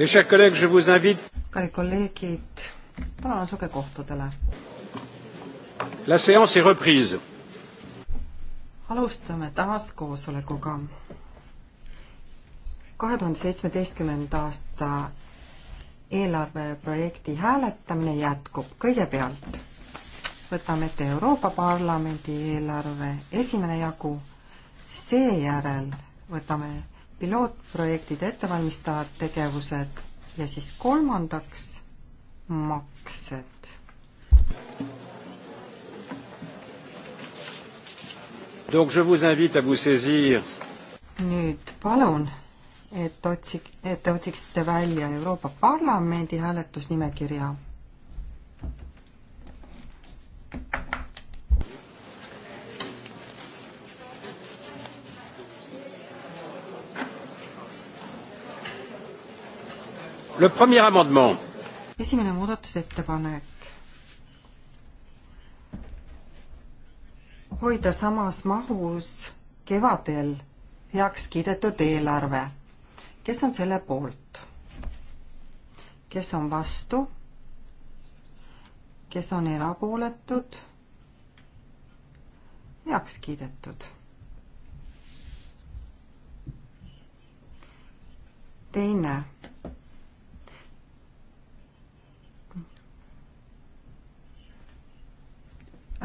kallid kolleegid, palun asuge kohtadele. alustame taas koosolekuga. kahe tuhande seitsmeteistkümnenda aasta eelarveprojekti hääletamine jätkub. kõigepealt võtame ette Euroopa Parlamendi eelarve esimene jagu, seejärel võtame pilootprojektid, ettevalmistavad tegevused ja siis kolmandaks maksed. Donc je vous invite à vous saisir nüüd palun, et otsik-, et te otsiksite välja Euroopa Parlamendi hääletusnimekirja esimene muudatusettepanek. hoida samas mahus kevadel heaks kiidetud eelarve. kes on selle poolt? kes on vastu? kes on erapooletud? heaks kiidetud. teine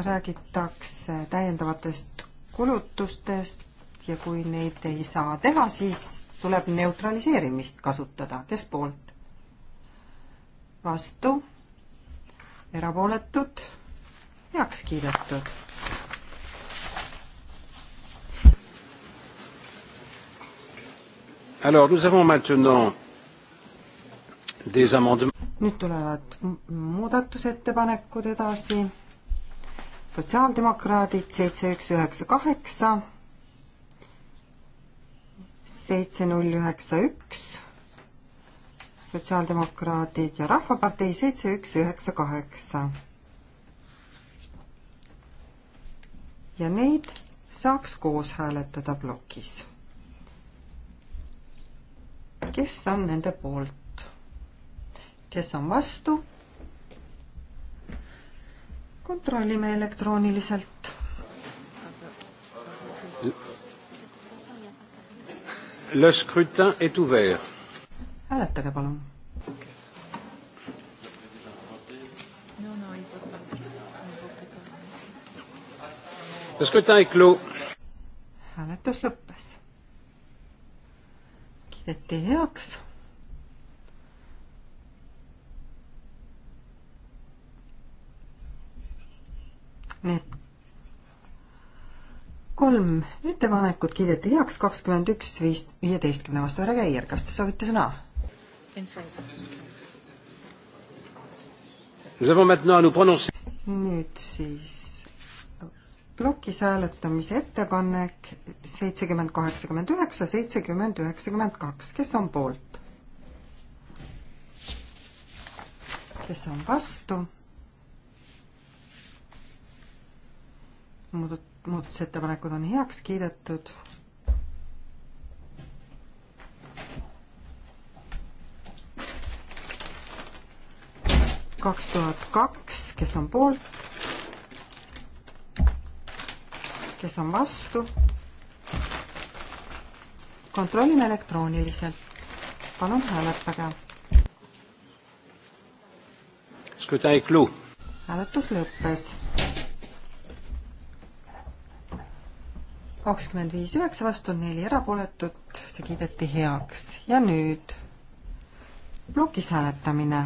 räägitakse täiendavatest kulutustest ja kui neid ei saa teha, siis tuleb neutraliseerimist kasutada. kes poolt? vastu? erapooletud? heaks kiidetud. Alors nous avons maintenant des amendements. nüüd tulevad muudatusettepanekud edasi sotsiaaldemokraadid seitse, üks, üheksa, kaheksa, seitse, null, üheksa, üks, sotsiaaldemokraadid ja Rahvapartei seitse, üks, üheksa, kaheksa. ja neid saaks koos hääletada plokis. kes on nende poolt? kes on vastu? kontrollime elektrooniliselt. Le scrutin est ouvert. hääletage palun. Le scrutin est clos. hääletus lõppes. kiideti heaks Need kolm ettepanekut kiideti heaks kakskümmend üks viis, viieteistkümne vastu. härra Käier, kas te soovite sõna? nüüd siis plokis hääletamise ettepanek seitsekümmend, kaheksakümmend üheksa, seitsekümmend, üheksakümmend kaks, kes on poolt? kes on vastu? muudat-, muudatusettepanekud on heaks kiidetud. kaks tuhat kaks, kes on poolt? kes on vastu? kontrollime elektrooniliselt. palun hääletage. hääletus lõppes kakskümmend viis üheksa, vastu neli erapooletut, see kiideti heaks ja nüüd plokis hääletamine.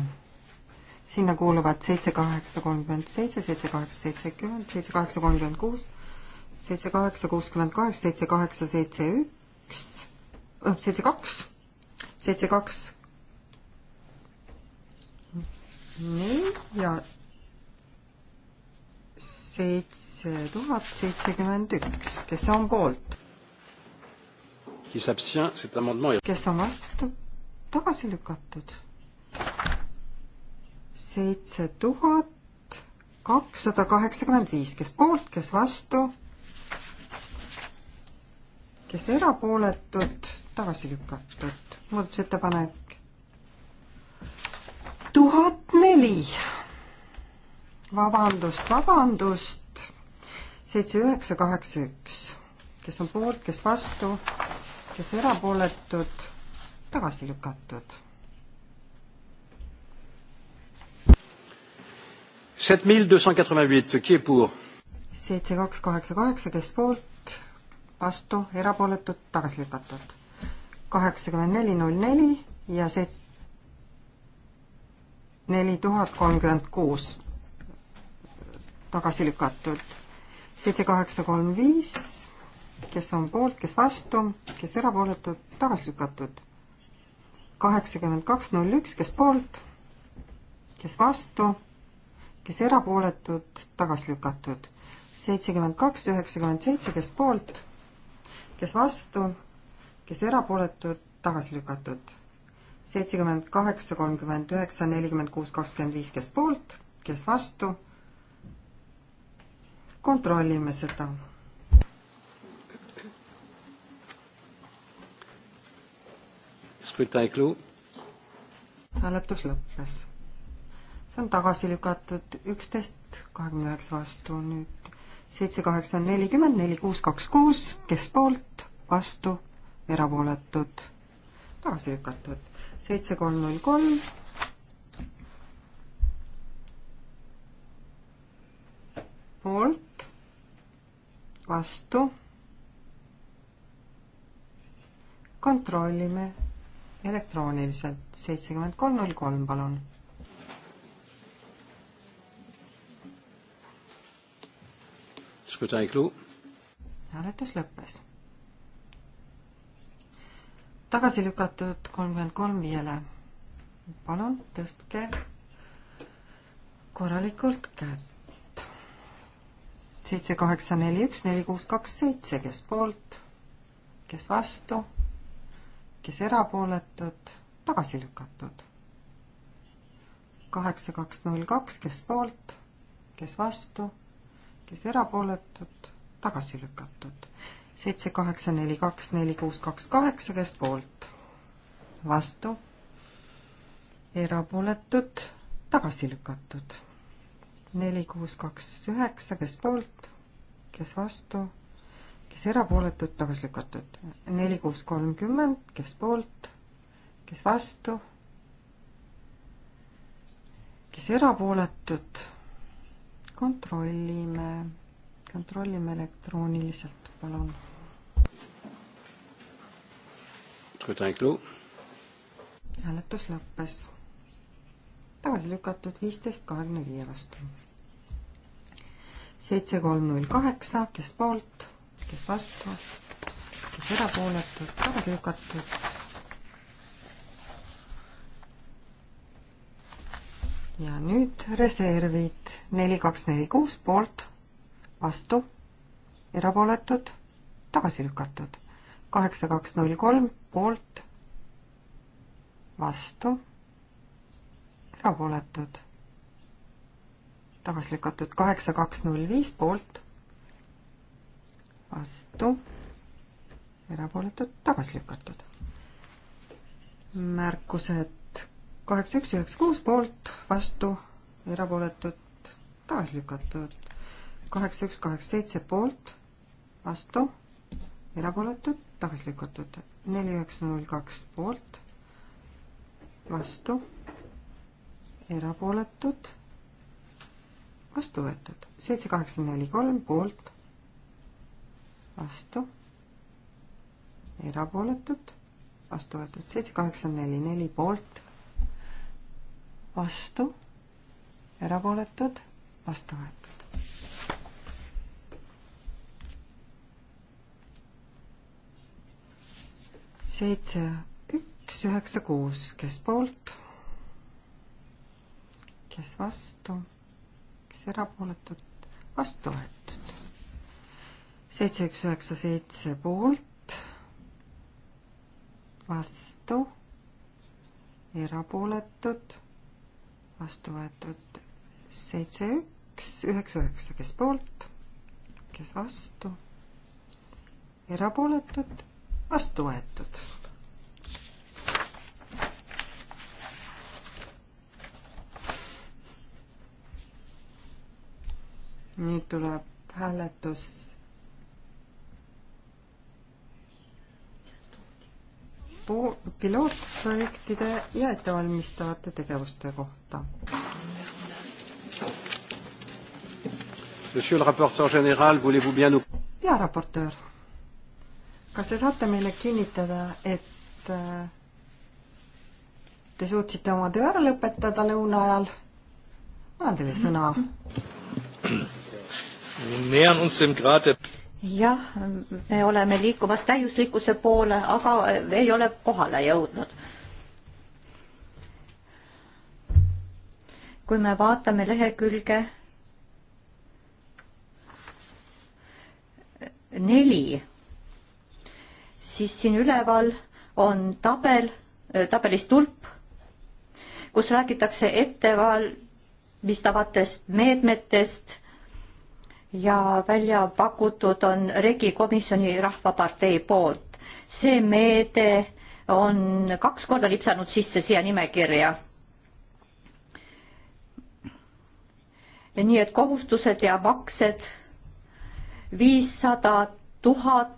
sinna kuuluvad seitse, kaheksa, kolmkümmend seitse, seitse, kaheksa, seitsekümmend, seitse, kaheksa, kolmkümmend kuus, seitse, kaheksa, kuuskümmend kaheksa, seitse, kaheksa, seitse, üks, äh, seitse, kaks, seitse, kaks. nii ja seitse tuhat seitsekümmend üks, kes on poolt? kes on vastu? tagasi lükatud. seitse tuhat kakssada kaheksakümmend viis, kes poolt, kes vastu? kes erapooletud, tagasi lükatud. muudatusettepanek tuhat neli vabandust, vabandust, seitse, üheksa, kaheksa, üks. kes on poolt, kes vastu, kes erapooletud, tagasi lükatud. seitse, kaks, kaheksa, kaheksa, kes poolt, vastu, erapooletud, tagasi lükatud. kaheksakümmend neli, null neli ja seitse, neli tuhat kolmkümmend kuus tagasi lükatud seitse, kaheksa, kolm, viis, kes on poolt, kes vastu, kes erapooletud, tagasi lükatud. kaheksakümmend kaks, null üks, kes poolt, kes vastu, kes erapooletud, tagasi lükatud. seitsekümmend kaks, üheksakümmend seitse, kes poolt, kes vastu, kes erapooletud, tagasi lükatud. seitsekümmend kaheksa, kolmkümmend üheksa, nelikümmend kuus, kakskümmend viis, kes poolt, kes vastu kontrollime seda. hääletus lõppes. see on tagasi lükatud üksteist kahekümne üheksa vastu, nüüd seitse, kaheksa, nelikümmend, neli, kuus, kaks, kuus, kes poolt, vastu, erapooletud, tagasi lükatud, seitse, kolm, null, kolm poolt, vastu. kontrollime elektrooniliselt, seitsekümmend kolm, null kolm, palun hääletus lõppes. tagasi lükatud kolmkümmend kolm viiele. palun tõstke korralikult käed seitse, kaheksa, neli, üks, neli, kuus, kaks, seitse, kes poolt, kes vastu, kes erapooletud, tagasi lükatud. kaheksa, kaks, null, kaks, kes poolt, kes vastu, kes erapooletud, tagasi lükatud. seitse, kaheksa, neli, kaks, neli, kuus, kaks, kaheksa, kes poolt, vastu, erapooletud, tagasi lükatud neli, kuus, kaks, üheksa, kes poolt, kes vastu, kes erapooletud, tagasi lükatud. neli, kuus, kolmkümmend, kes poolt, kes vastu, kes erapooletud, kontrollime, kontrollime elektrooniliselt, palun. hääletus lõppes tagasi lükatud viisteist kahekümne viie vastu. seitse kolm null kaheksa, kes poolt, kes vastu, kes erapooletud, tagasi lükatud. ja nüüd reservid neli, kaks, neli, kuus poolt, vastu, erapooletud, tagasi lükatud. kaheksa, kaks, null, kolm poolt, vastu erapooletud, tagasi lükatud kaheksa, kaks, null, viis poolt, vastu, erapooletud, tagasi lükatud. märkused kaheksa, üks, üheksa, kuus poolt, vastu, erapooletud, tagasi lükatud. kaheksa, üks, kaheksa, seitse poolt, vastu, erapooletud, tagasi lükatud. neli, üheksa, null, kaks poolt, vastu erapooletud, vastu võetud. seitse, kaheksa, neli, kolm poolt, vastu, erapooletud, vastu võetud. seitse, kaheksa, neli, neli poolt, vastu, erapooletud, vastu võetud. seitse, üks, üheksa, kuus, kes poolt kes vastu, kes erapooletud, vastu võetud. seitse, üks, üheksa, seitse poolt, vastu, erapooletud, vastu võetud. seitse, üks, üheksa, üheksa, kes poolt, kes vastu, erapooletud, vastu võetud nüüd tuleb hääletus. pilootprojektide ja ettevalmistavate tegevuste kohta. Monsieur le rapporteur général, voulez-vous bien nous... ja raportöör, kas te saate meile kinnitada, et äh, te suutsite oma töö ära lõpetada lõuna ajal? annan teile sõna mm. -hmm jah, me oleme liikumas täiuslikkuse poole, aga ei ole kohale jõudnud. kui me vaatame lehekülge neli, siis siin üleval on tabel, tabelis tulp, kus räägitakse ettevalmistavatest meetmetest ja välja pakutud on Regi komisjoni Rahvapartei poolt. see meede on kaks korda lipsanud sisse siia nimekirja. nii et kohustused ja maksed viissada tuhat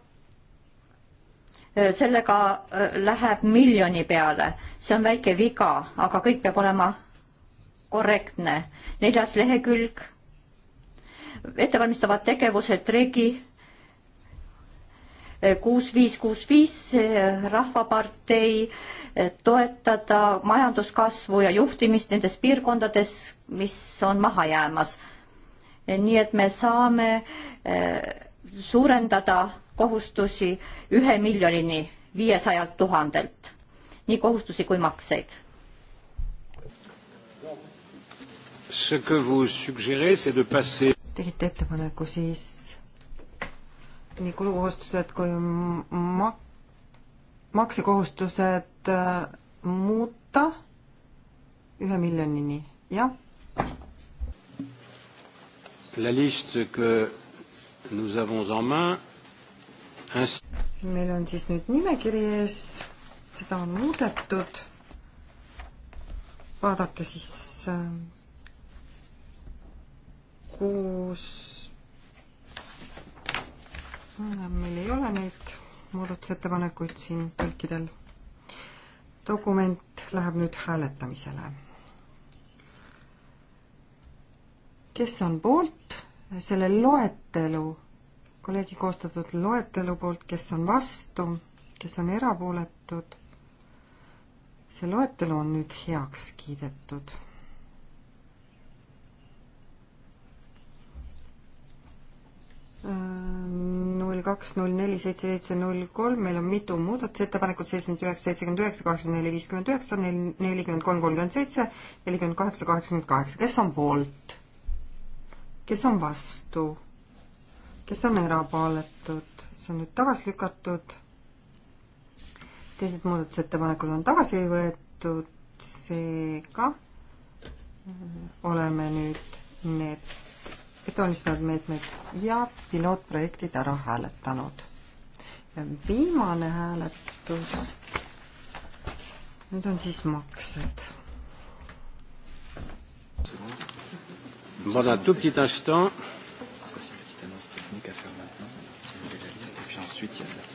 sellega äh, läheb miljoni peale, see on väike viga, aga kõik peab olema korrektne. neljas lehekülg ettevalmistavad tegevused Regi kuus viis kuus viis Rahvapartei eh, toetada majanduskasvu ja juhtimist nendes piirkondades, mis on maha jäämas. Eh, nii et me saame eh, suurendada kohustusi ühe miljonini viiesajalt tuhandelt, nii kohustusi kui makseid. Ce que vous suggérez, c'est de passer tegite ettepaneku siis nii kulukohustused kui mak-, maksekohustused äh, muuta ühe miljonini, jah? La liste que nous avons en main meil on siis nüüd nimekiri ees, seda on muudetud. vaadake siis äh, kuus, meil ei ole neid muudatusettepanekuid siin tõlkidel. dokument läheb nüüd hääletamisele. kes on poolt selle loetelu, kolleegi koostatud loetelu poolt, kes on vastu, kes on erapooletud, see loetelu on nüüd heaks kiidetud null kaks, null neli, seitse, seitse, null kolm, meil on mitu muudatusettepanekut, seitsekümmend üheksa, seitsekümmend üheksa, kaheksakümmend neli, viiskümmend üheksa, nelikümmend kolm, kolmkümmend seitse, nelikümmend kaheksa, kaheksakümmend kaheksa. kes on poolt? kes on vastu? kes on erapooletud? see on nüüd tagasi lükatud. teised muudatusettepanekud on tagasi võetud, seega oleme nüüd need betoonistavad meetmed ja pilootprojektid ära hääletanud. viimane hääletus, need on siis maksed. Pendant un tout petit instant. Ça, c'est une petite annonce technique à faire maintenant. Si vous voulez la lire, et puis ensuite, il y a ça.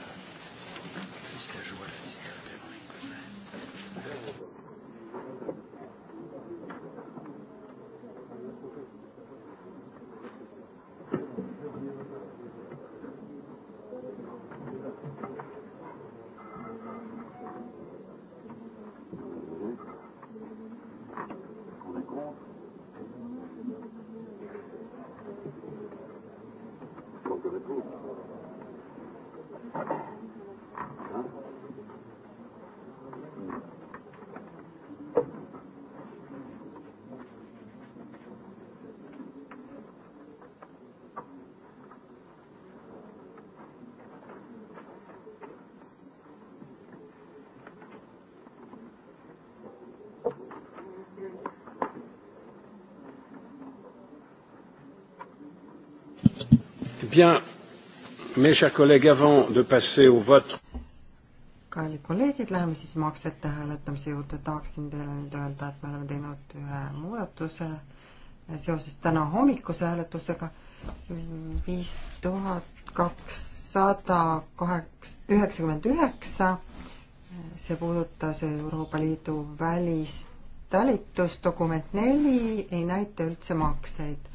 Bien, mes chers collègues, avant de passer au vote. kallid kolleegid, läheme siis maksete hääletamise juurde, tahaksin teile nüüd öelda, et me oleme teinud ühe muudatuse seoses täna hommikuse hääletusega. viis tuhat kakssada kaheksa, üheksakümmend üheksa, see puudutas Euroopa Liidu välistalitust, dokument neli ei näita üldse makseid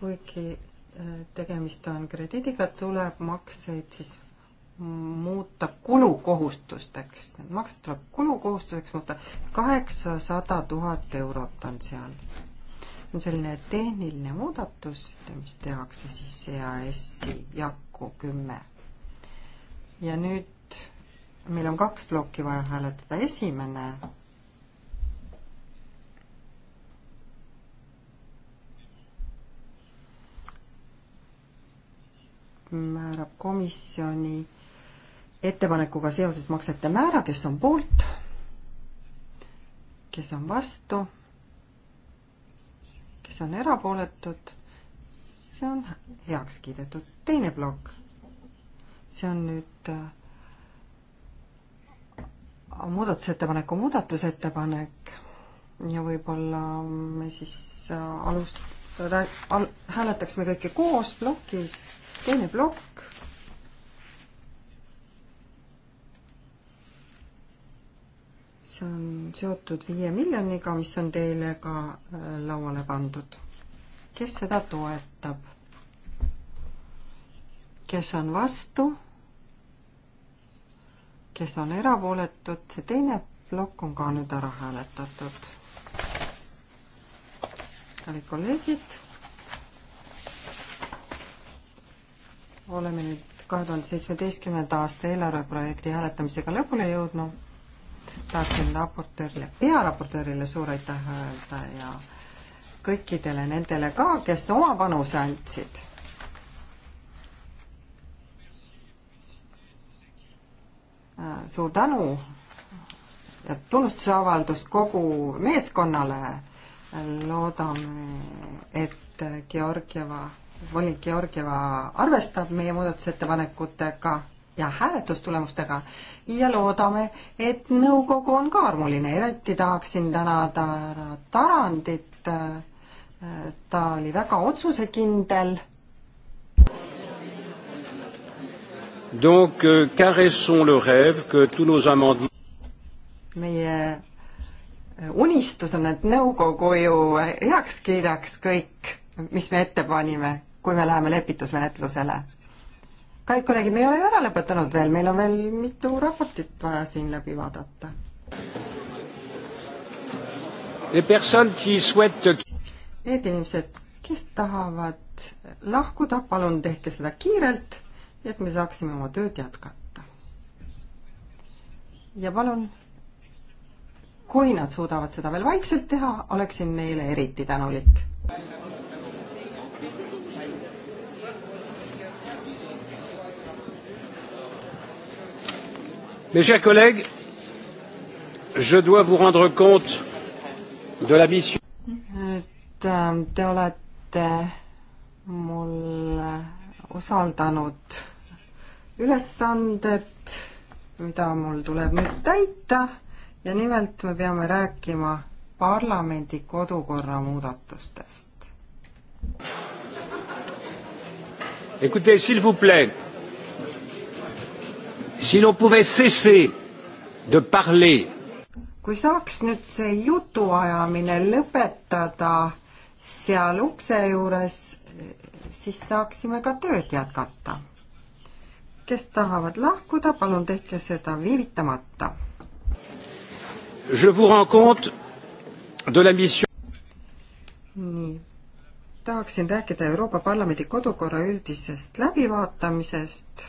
kuigi äh, tegemist on krediidiga, tuleb makseid siis muuta kulukohustusteks. Need maksed tuleb kulukohustuseks muuta. kaheksasada tuhat eurot on seal. on selline tehniline muudatus, mis tehakse siis EAS-i jakku kümme. ja nüüd meil on kaks plokki vaja hääletada. esimene määrab komisjoni ettepanekuga seoses maksete määra, kes on poolt, kes on vastu, kes on erapooletud, see on heaks kiidetud. teine plokk, see on nüüd äh, muudatusettepaneku muudatusettepanek ja võib-olla me siis äh, alust- al,, hääletaksime kõike koos plokis teine plokk. see on seotud viie miljoniga, mis on teile ka äh, lauale pandud. kes seda toetab? kes on vastu? kes on erapooletud, see teine plokk on ka nüüd ära hääletatud. kallid kolleegid oleme nüüd kahe tuhande seitsmeteistkümnenda aasta eelarveprojekti hääletamisega lõpule jõudnud. tahaksin raportöörile, pearaportöörile suur aitäh öelda ja kõikidele nendele ka, kes oma panuse andsid suur tänu ja tunnustusavaldust kogu meeskonnale. loodame, et Georgieva volinik Georgieva arvestab meie muudatusettepanekutega ja hääletustulemustega ja loodame, et nõukogu on ka armuline, eriti tahaksin tänada härra Tarandit, ta oli väga otsusekindel. Donc euh, caressons le rêve que tous nos amendements meie äh, unistus on, et nõukogu ju heaks kiidaks kõik, mis me ette panime kui me läheme lepitusmenetlusele. kallid kolleegid, me ei ole ju ära lõpetanud veel, meil on veel mitu raportit vaja siin läbi vaadata. Need inimesed, kes tahavad lahkuda, palun tehke seda kiirelt, et me saaksime oma tööd jätkata. ja palun kui nad suudavad seda veel vaikselt teha, oleksin neile eriti tänulik. Mes chers collègues, je dois vous rendre compte de la mission. et euh, te olete mulle usaldanud ülesanded, mida mul tuleb nüüd täita ja nimelt me peame rääkima parlamendi kodukorra muudatustest. Écoutez, s'il vous plaît si l'on pouvait cesser de parler kui saaks nüüd see jutuajamine lõpetada seal ukse juures, siis saaksime ka tööd jätkata. kes tahavad lahkuda, palun tehke seda viivitamata. nii, tahaksin rääkida Euroopa Parlamendi kodukorra üldisest läbivaatamisest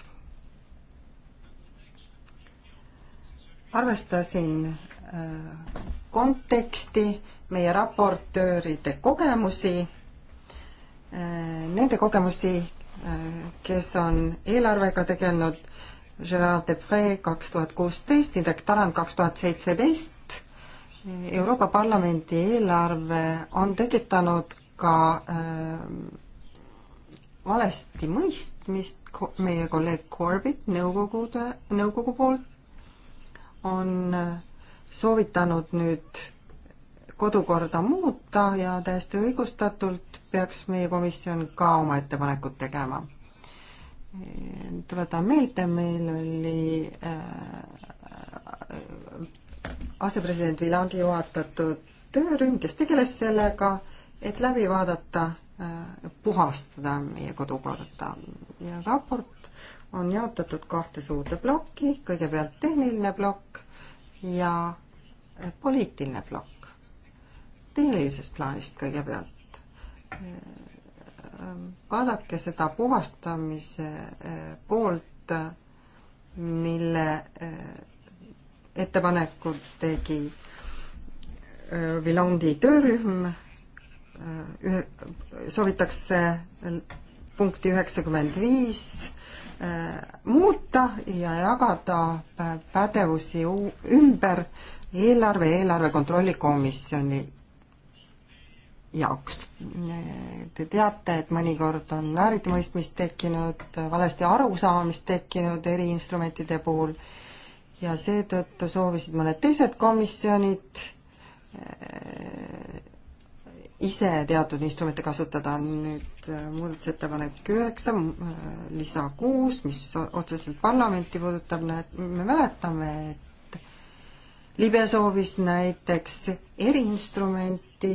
arvestasin äh, konteksti, meie raportööride kogemusi, äh, nende kogemusi, äh, kes on eelarvega tegelenud, Gerard Depree kaks tuhat kuusteist, Indrek Tarand kaks tuhat seitseteist, Euroopa Parlamendi eelarve on tekitanud ka äh, valesti mõistmist meie kolleeg Corbett nõukogude, nõukogu poolt on soovitanud nüüd kodukorda muuta ja täiesti õigustatult peaks meie komisjon ka oma ettepanekud tegema. tuletan meelde, meil oli äh, asepresident Vilangi juhatatud töörühm, kes tegeles sellega, et läbi vaadata äh,, puhastada meie kodukorda ja raport on jaotatud kahte suurde plokki, kõigepealt tehniline plokk ja poliitiline plokk. tehnilisest plaanist kõigepealt. vaadake seda puhastamise eh, poolt, mille eh, ettepanekud tegi eh, Vilondi töörühm, soovitakse punkti üheksakümmend viis äh, muuta ja jagada äh, pädevusi ümber eelarve ja eelarve kontrolli komisjoni jaoks. Äh, te teate, et mõnikord on vääritimõistmist tekkinud, valesti arusaamist tekkinud eri instrumentide puhul ja seetõttu soovisid mõned teised komisjonid ise teatud instrumente kasutada. nüüd äh, muudatusettepanek üheksa, äh, lisa kuus, mis otseselt parlamenti puudutab, näed, me mäletame, et libe soovis näiteks eriinstrumenti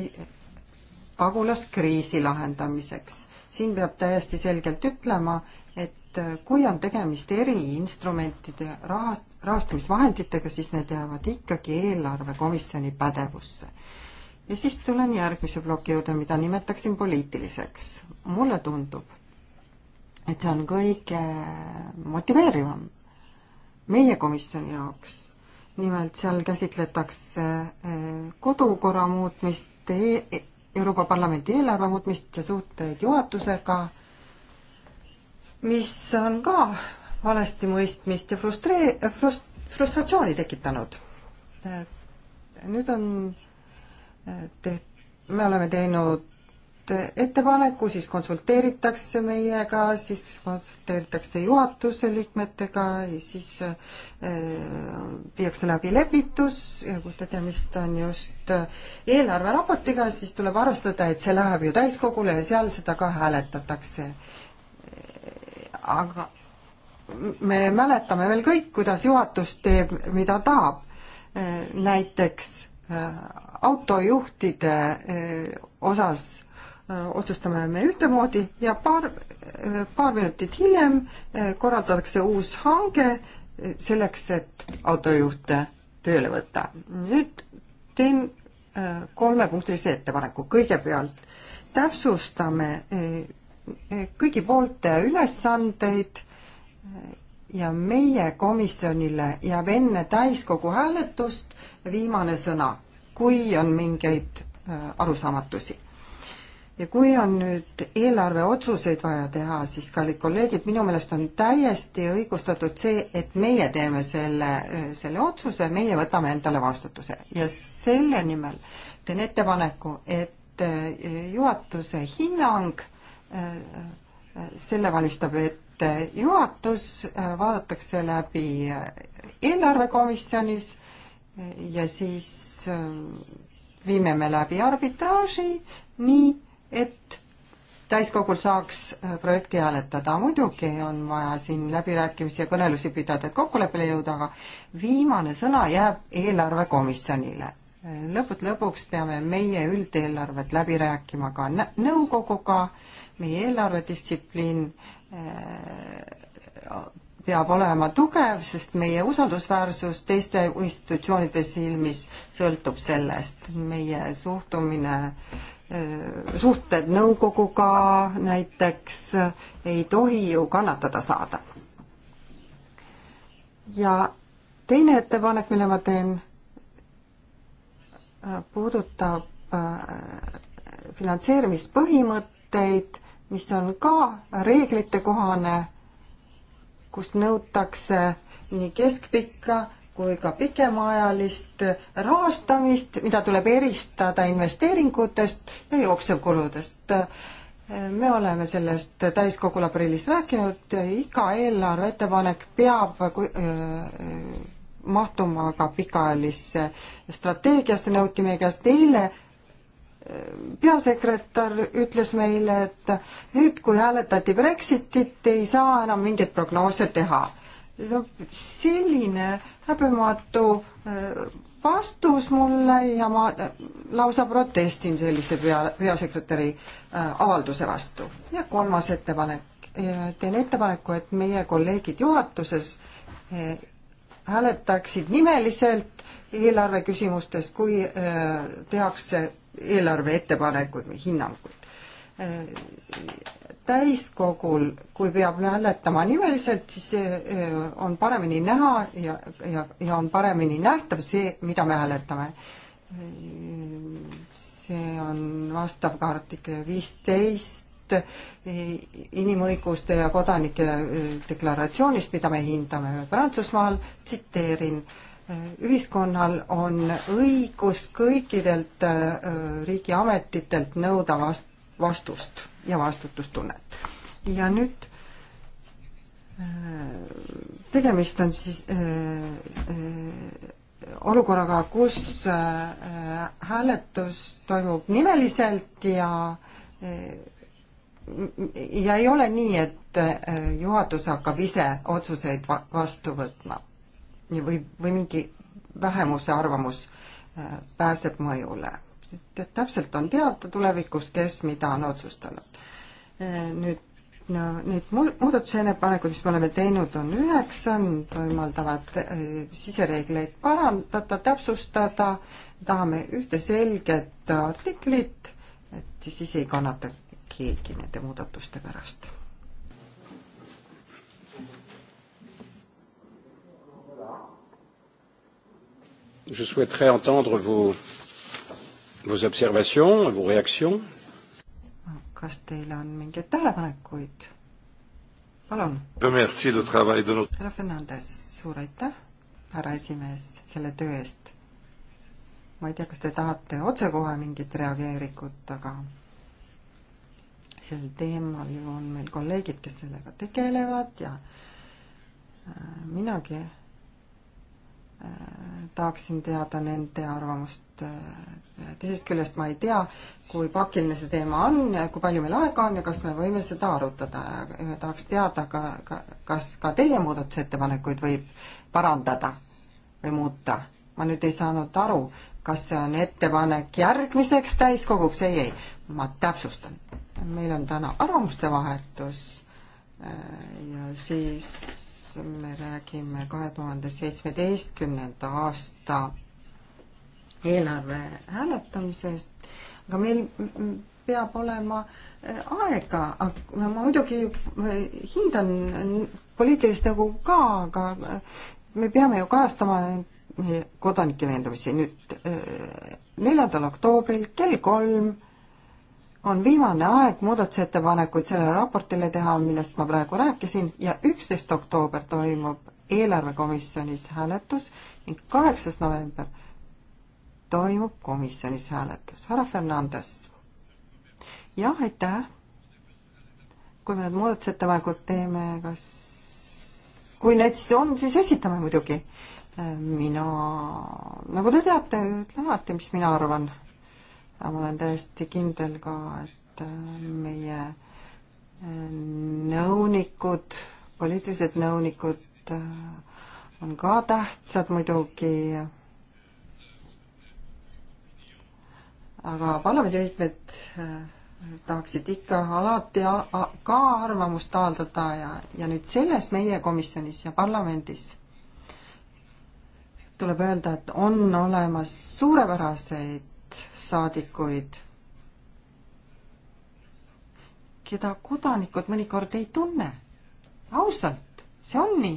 pagulaskriisi lahendamiseks. siin peab täiesti selgelt ütlema, et äh, kui on tegemist eriinstrumentide raha, rahastamisvahenditega, siis need jäävad ikkagi eelarvekomisjoni pädevusse ja siis tulen järgmise ploki juurde, mida nimetaksin poliitiliseks. mulle tundub, et see on kõige motiveerivam meie komisjoni jaoks. nimelt seal käsitletakse eh, kodukorra muutmist e, e- Euroopa Parlamendi eelarve muutmist ja suhteid juhatusega, mis on ka valesti mõistmist ja frustre-, frust-, frustratsiooni tekitanud. Eh, nüüd on te-, me oleme teinud ettepaneku, siis konsulteeritakse meiega, siis konsulteeritakse juhatuse liikmetega ja siis äh, viiakse läbi lepitus ja kui tegemist on just eelarveraportiga, siis tuleb arvestada, et see läheb ju täiskogule ja seal seda ka hääletatakse. aga me mäletame veel kõik, kuidas juhatus teeb, mida tahab. Äh, näiteks äh, autojuhtide eh, osas eh, otsustame me ühtemoodi ja paar, eh, paar minutit hiljem korraldatakse uus hange selleks, et autojuhte tööle võtta. nüüd teen kolmepunktilise ettepaneku. kõigepealt täpsustame kõigi poolte ülesandeid ja meie komisjonile jääb enne täiskogu hääletust viimane sõna kui on mingeid äh, arusaamatusi. ja kui on nüüd eelarveotsuseid vaja teha, siis kallid kolleegid, minu meelest on täiesti õigustatud see, et meie teeme selle, äh, selle otsuse, meie võtame endale vastutuse ja selle nimel teen ettepaneku, et äh, juhatuse hinnang, selle valmistab ette et juhatus, vaadatakse läbi eelarvekomisjonis ja siis äh, viime me läbi arbitraaži nii, et täiskogul saaks äh, projekti hääletada. muidugi on vaja siin läbirääkimisi ja kõnelusi pidada, et kokkuleppele jõuda, aga viimane sõna jääb eelarvekomisjonile. Äh, lõppude lõpuks peame meie üldeelarvet läbi rääkima ka nõukoguga, meie eelarvedistsipliin peab olema tugev, sest meie usaldusväärsus teiste institutsioonide silmis sõltub sellest. meie suhtumine, eh, suhted nõukoguga näiteks eh, ei tohi ju kannatada saada. ja teine ettepanek, mille ma teen, eh, puudutab finantseerimispõhimõtteid, mis on ka reeglitekohane kus nõutakse nii keskpikka kui ka pikemaajalist rahastamist, mida tuleb eristada investeeringutest ja jooksevkuludest. me oleme sellest täiskogul aprillis rääkinud, iga eelarve ettepanek peab äh, mahtuma ka pikaajalisse strateegiasse, nõuti meie käest eile peasekretär ütles meile, et nüüd, kui hääletati Brexitit, ei saa enam mingeid prognoose teha. no selline häbematu äh, vastus mulle ja ma äh, lausa protestin sellise pea, peasekretäri äh, avalduse vastu. ja kolmas ettepanek, teen ettepaneku, et meie kolleegid juhatuses hääletaksid nimeliselt eelarve küsimustes, kui tehakse eelarve ettepanekuid või hinnanguid. täiskogul, kui peab hääletama nimeliselt, siis eh, on paremini näha ja, ja, ja on paremini nähtav see, mida me hääletame. see on vastav ka artikli viisteist inimõiguste ja kodanike eh, deklaratsioonist, mida me hindame Prantsusmaal, tsiteerin ühiskonnal on õigus kõikidelt äh, riigiametitelt nõuda vastust ja vastutustunnet. ja nüüd äh, tegemist on siis äh, olukorraga, kus hääletus toimub nimeliselt ja ja ei ole nii, et juhatus hakkab ise otsuseid vastu võtma või, või mingi vähemuse arvamus äh, pääseb mõjule. et täpselt on teada tulevikus, kes mida on otsustanud. Äh, nüüd no need muudatusettepanekud, mis me oleme teinud, on üheksa, need võimaldavad äh, sisereegleid parandada, täpsustada, tahame ühte selget artiklit, et siis ei kannata keegi nende muudatuste pärast je souhaiterais entendre vos, vos observations, vos réactions. kas teil on mingeid tähelepanekuid? palun. härra Fernandes, suur aitäh, härra esimees, selle töö eest. ma ei tea, kas te tahate otsekohe mingit reageerikut, aga sel teemal ju on meil kolleegid, kes sellega tegelevad ja äh, minagi tahaksin teada nende arvamust. teisest küljest ma ei tea, kui pakiline see teema on, kui palju meil aega on ja kas me võime seda arutada. tahaks teada ka, ka, kas ka teie muudatusettepanekuid võib parandada või muuta. ma nüüd ei saanud aru, kas see on ettepanek järgmiseks täiskoguks, ei, ei, ma täpsustan. meil on täna arvamuste vahetus ja siis me räägime kahe tuhande seitsmeteistkümnenda aasta eelarve hääletamisest, aga meil peab olema äh, aega, ma muidugi äh, hindan poliitilist nõukogu ka, aga äh, me peame ju kajastama meie kodanike veendumisi. nüüd neljandal oktoobril kell kolm on viimane aeg muudatusettepanekuid sellele raportile teha, millest ma praegu rääkisin ja üksteist oktoober toimub eelarvekomisjonis hääletus ning kaheksas november toimub komisjonis hääletus. härra Fernandes. jah, aitäh. kui me need muudatusettepanekud teeme, kas, kui need siis on, siis esitame muidugi. mina, nagu te teate, ütlen alati, mis mina arvan aga ma olen täiesti kindel ka, et äh, meie äh, nõunikud, poliitilised nõunikud äh, on ka tähtsad muidugi. aga parlamendiliikmed tahaksid ikka alati ka arvamust avaldada ja, ja nüüd selles meie komisjonis ja parlamendis tuleb öelda, et on olemas suurepäraseid saadikuid, keda kodanikud mõnikord ei tunne. ausalt, see on nii.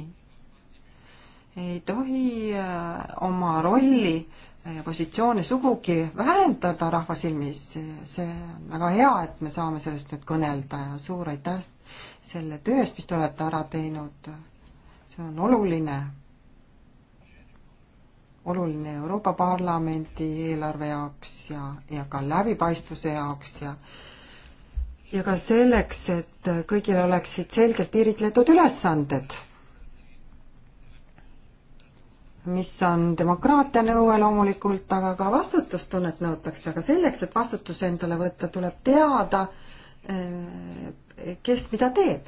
ei tohi äh, oma rolli ja positsiooni sugugi vähendada rahva silmis, see on väga hea, et me saame sellest nüüd kõnelda ja suur aitäh selle töö eest, mis te olete ära teinud. see on oluline oluline Euroopa Parlamendi eelarve jaoks ja, ja ka läbipaistvuse jaoks ja ja ka selleks, et kõigil oleksid selgelt piiritletud ülesanded, mis on demokraatia nõue loomulikult, aga ka vastutustunnet nõutakse, aga selleks, et vastutus endale võtta, tuleb teada, eh, kes mida teeb.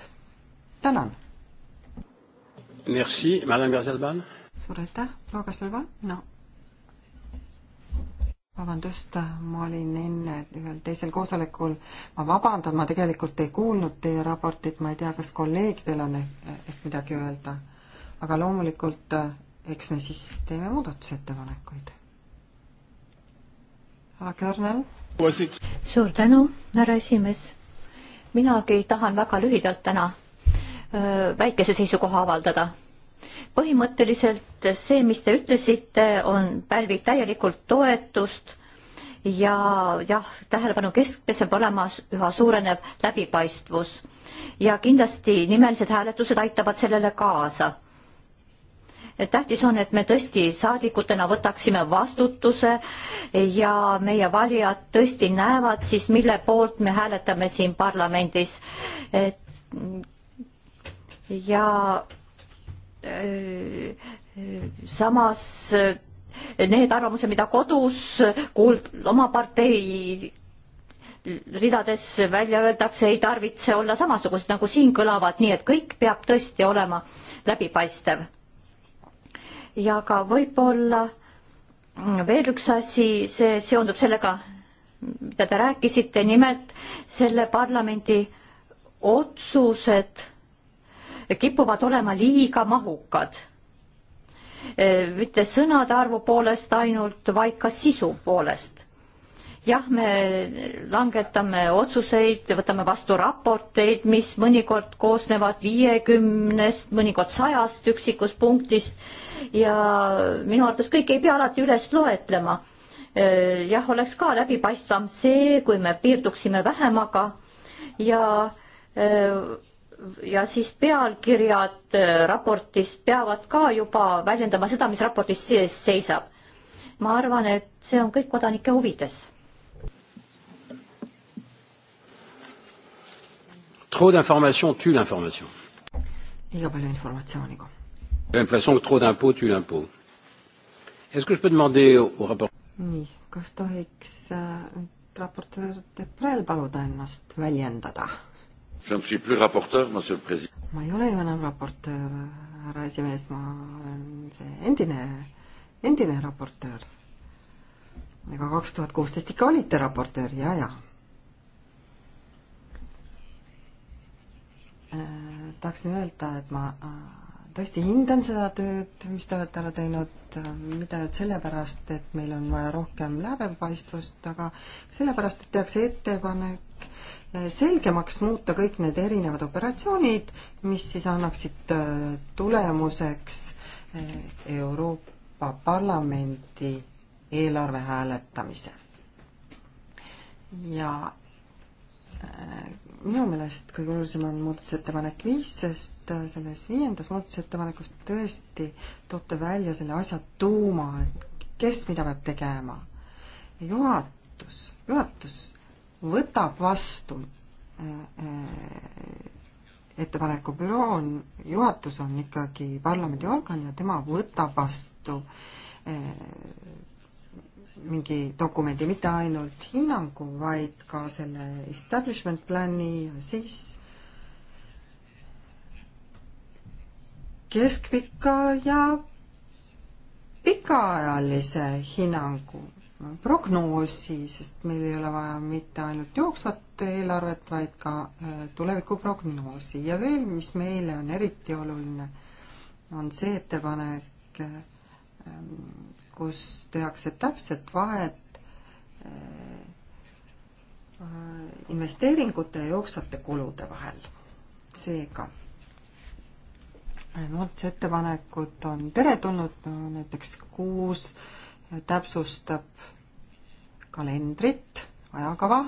tänan. Merci, madame Gazalban suur aitäh, proua Kastelva, no vabandust, ma olin enne ühel teisel koosolekul, ma vabandan, ma tegelikult ei kuulnud teie raportit, ma ei tea, kas kolleegidel on ehk, ehk midagi öelda. aga loomulikult eh, eks me siis teeme muudatusettepanekuid. härra Körnel. suur tänu, härra esimees. minagi tahan väga lühidalt täna öö, eh, väikese seisukoha avaldada põhimõtteliselt see, mis te ütlesite, on, pälvib täielikult toetust ja jah, tähelepanu keskmes peab olema üha suurenev läbipaistvus ja kindlasti nimelised hääletused aitavad sellele kaasa. tähtis on, et me tõesti saadikutena võtaksime vastutuse ja meie valijad tõesti näevad siis, mille poolt me hääletame siin parlamendis. ja samas need arvamused, mida kodus kuuld-, oma partei ridades välja öeldakse, ei tarvitse olla samasugused nagu siin kõlavad, nii et kõik peab tõesti olema läbipaistev. ja ka võib-olla veel üks asi, see seondub sellega, mida te rääkisite, nimelt selle parlamendi otsused kipuvad olema liiga mahukad. mitte sõnade arvu poolest ainult, vaid ka sisu poolest. jah, me langetame otsuseid, võtame vastu raporteid, mis mõnikord koosnevad viiekümnest, mõnikord sajast üksikust punktist ja minu arvates kõike ei pea alati üles loetlema jah, oleks ka läbipaistvam see, kui me piirduksime vähemaga ja öö, ja siis pealkirjad äh, raportist peavad ka juba väljendama seda, mis raportis sees seisab. ma arvan, et see on kõik kodanike huvides. Trop d'information tue l'information. liiga palju informatsiooni. L'inflation, trop d'impôt tue l'impôt. Est-ce que je peux demander au rapport? nii, kas tohiks äh, raportöör Deprel paluda ennast väljendada? ma ei ole ju enam raportöör, härra esimees, ma olen see endine, endine raportöör. ega kaks tuhat kuusteist ikka olite raportöör ja, ja äh, tahaksin öelda, et ma äh, tõesti hindan seda tööd, mis te olete ära teinud, mitte ainult sellepärast, et meil on vaja rohkem läbipaistvust, aga sellepärast, et tehakse ettepanek selgemaks muuta kõik need erinevad operatsioonid, mis siis annaksid äh, tulemuseks äh, Euroopa Parlamendi eelarve hääletamise. ja äh, minu meelest kõige olulisem on muudatusettepanek viis, sest selles viiendas muudatusettepanekus tõesti toote välja selle asja tuuma, et kes mida peab tegema. juhatus, juhatus võtab vastu äh, äh, ettepaneku büroo on, juhatus on ikkagi parlamendi organ ja tema võtab vastu äh, mingi dokumendi, mitte ainult hinnangu, vaid ka selle establishment plan'i ja siis keskpika ja pikaajalise hinnangu prognoosi, sest meil ei ole vaja mitte ainult jooksvat eelarvet, vaid ka äh, tulevikuprognoosi ja veel, mis meile on eriti oluline, on see ettepanek, äh, ähm, kus tehakse täpset vahet äh, investeeringute ja jooksvate kulude vahel. seega muudatusettepanekud on teretulnud, no näiteks kuus täpsustab kalendrit, ajakava,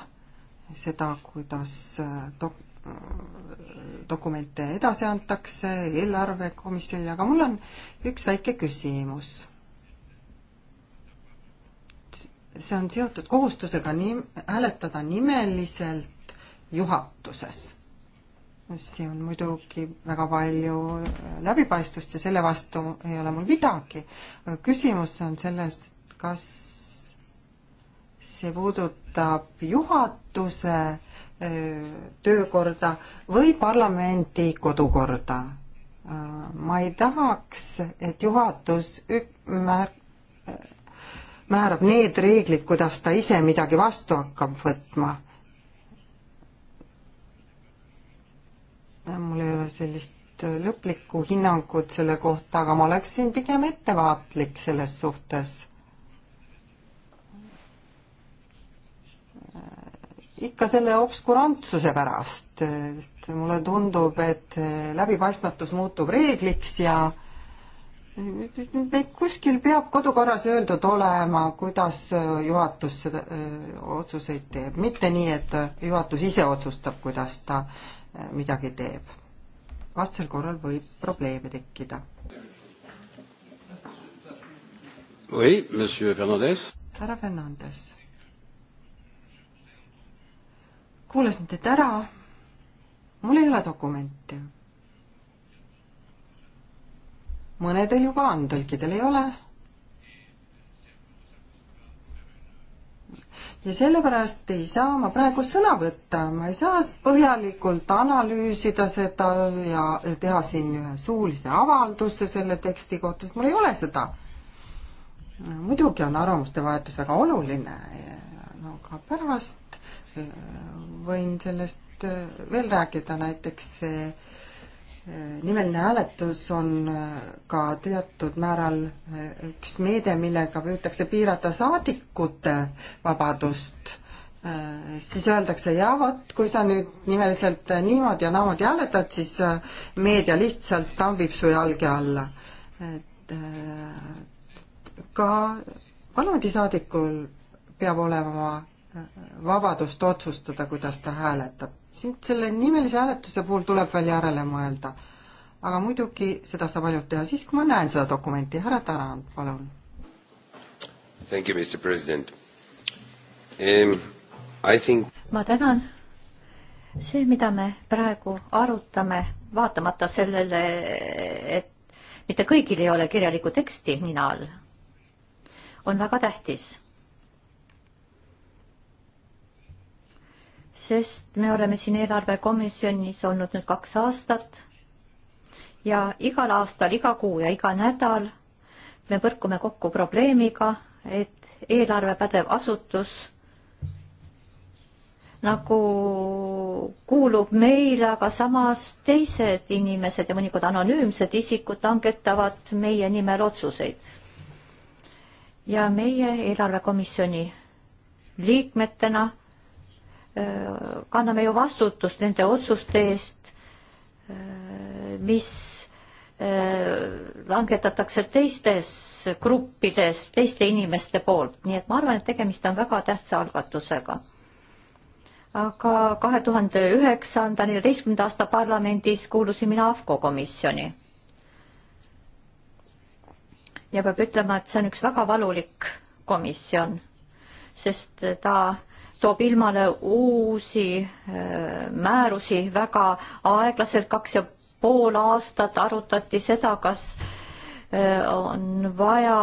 seda, kuidas äh, dok-, äh, dokumente edasi antakse eelarvekomisjonile, aga mul on üks väike küsimus. see on seotud kohustusega nii, hääletada nimeliselt juhatuses siin on muidugi väga palju läbipaistvust ja selle vastu ei ole mul midagi, aga küsimus on selles, kas see puudutab juhatuse töökorda või parlamendi kodukorda. ma ei tahaks, et juhatus ük-, määr-, määrab need reeglid, kuidas ta ise midagi vastu hakkab võtma. mul ei ole sellist lõplikku hinnangut selle kohta, aga ma oleksin pigem ettevaatlik selles suhtes ikka selle obskurantsuse pärast, et mulle tundub, et läbipaistmatus muutub reegliks ja kuskil peab kodukorras öeldud olema, kuidas juhatus seda otsuseid teeb, mitte nii, et juhatus ise otsustab, kuidas ta midagi teeb. vastasel korral võib probleeme tekkida. härra Fernandes kuulasin teid ära. mul ei ole dokumente. mõnedel juba on, tõlkidel ei ole. ja sellepärast ei saa ma praegu sõna võtta, ma ei saa põhjalikult analüüsida seda ja teha siin ühe suulise avalduse selle teksti kohta, sest mul ei ole seda muidugi on arvamuste vahetus väga oluline, no aga pärast võin sellest äh, veel rääkida, näiteks see äh, nimeline hääletus on äh, ka teatud määral üks meede, millega püütakse piirata saadikute vabadust. siis öeldakse, jaa, vot kui sa nüüd nimeliselt niimoodi ja naamoodi hääletad, siis meedia lihtsalt tambib su jalge alla. et ka parlamendisaadikul peab olema vabadust otsustada, kuidas ta hääletab. siin selle nimelise hääletuse puhul tuleb veel järele mõelda. aga muidugi seda saab ainult teha siis, kui ma näen seda dokumenti. härra Tarand, palun. Thank you, Mr President um,. I think ma tänan. see, mida me praegu arutame, vaatamata sellele, et mitte kõigil ei ole kirjalikku teksti nina all, on väga tähtis sest me oleme siin eelarvekomisjonis olnud nüüd kaks aastat ja igal aastal, iga kuu ja iga nädal me põrkume kokku probleemiga, et eelarvepädev asutus nagu kuulub meile, aga samas teised inimesed ja mõnikord anonüümsed isikud langetavad meie nimel otsuseid. ja meie eelarvekomisjoni liikmetena Äh, kanname ju vastutust nende otsuste eest, äh, mis äh, langetatakse teistes gruppides teiste inimeste poolt, nii et ma arvan, et tegemist on väga tähtsa algatusega. aga kahe tuhande üheksanda, neljateistkümnenda aasta parlamendis kuulusin mina AFCO komisjoni. ja peab ütlema, et see on üks väga valulik komisjon, sest ta äh, toob ilmale uusi äh, määrusi väga aeglaselt, kaks ja pool aastat arutati seda, kas äh, on vaja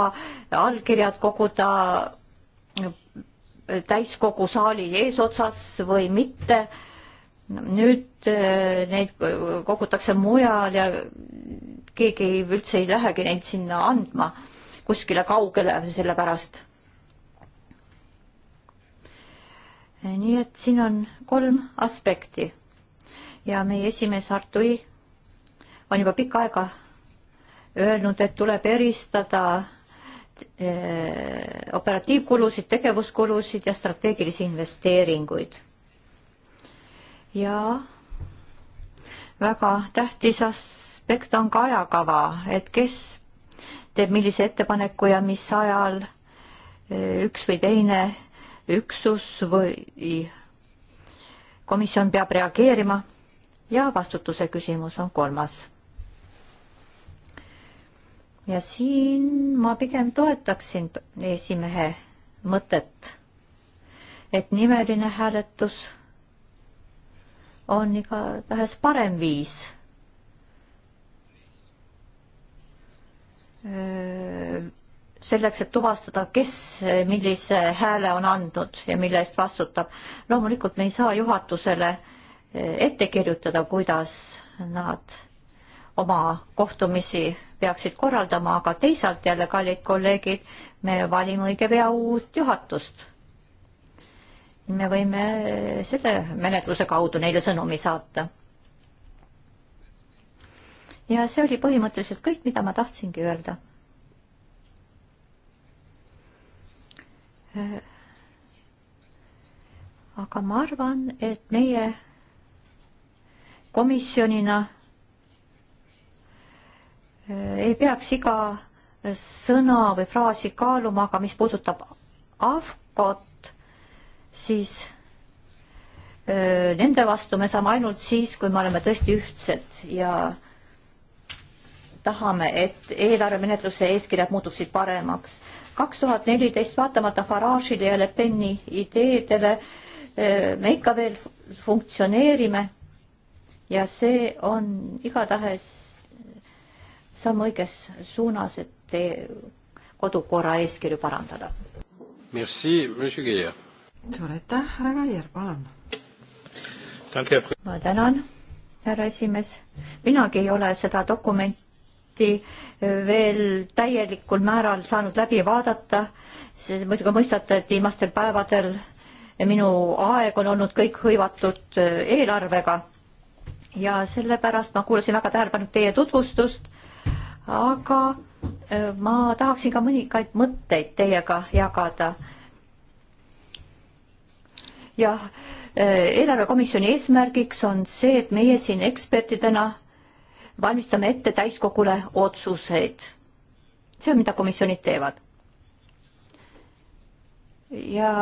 allkirjad koguda äh, täiskogu saali eesotsas või mitte. nüüd neid kogutakse mujal ja keegi üldse ei lähegi neid sinna andma kuskile kaugele sellepärast nii et siin on kolm aspekti ja meie esimees Artui on juba pikka aega öelnud, et tuleb eristada eh, operatiivkulusid, tegevuskulusid ja strateegilisi investeeringuid. ja väga tähtis aspekt on ka ajakava, et kes teeb millise ettepaneku ja mis ajal eh, üks või teine üksus või komisjon peab reageerima ja vastutuse küsimus on kolmas. ja siin ma pigem toetaksin esimehe mõtet, et nimeline hääletus on igatahes parem viis selleks, et tuvastada, kes millise hääle on andnud ja mille eest vastutab. loomulikult me ei saa juhatusele eh, ette kirjutada, kuidas nad oma kohtumisi peaksid korraldama, aga teisalt jälle, kallid kolleegid, me valime õige pea uut juhatust. me võime eh, selle menetluse kaudu neile sõnumi saata. ja see oli põhimõtteliselt kõik, mida ma tahtsingi öelda aga ma arvan, et meie komisjonina äh, ei peaks iga sõna või fraasi kaaluma, aga mis puudutab AFCO-t, siis öö, äh, nende vastu me saame ainult siis, kui me oleme tõesti ühtsed ja tahame, et eelarvemenetluse eeskirjad muutuksid paremaks kaks tuhat neliteist, vaatamata Farage'ile ja Le Peni ideedele, eh, me ikka veel funktsioneerime. ja see on igatahes samm õiges suunas, et kodukorra eeskirju parandada. Merci, monsieur Geier. suur aitäh, härra Geier, palun. ma tänan, härra esimees. minagi ei ole seda dokumenti raporti eh, veel täielikul määral saanud läbi vaadata. muidugi mõistate, et viimastel päevadel minu aeg on olnud kõik hõivatud eh, eelarvega ja sellepärast ma kuulasin väga tähelepanelikult teie tutvustust, aga eh, ma tahaksin ka mõningaid mõtteid teiega jagada. jah, eelarvekomisjoni eesmärgiks on see, et meie siin ekspertidena valmistame ette täiskogule otsuseid. see on, mida komisjonid teevad. ja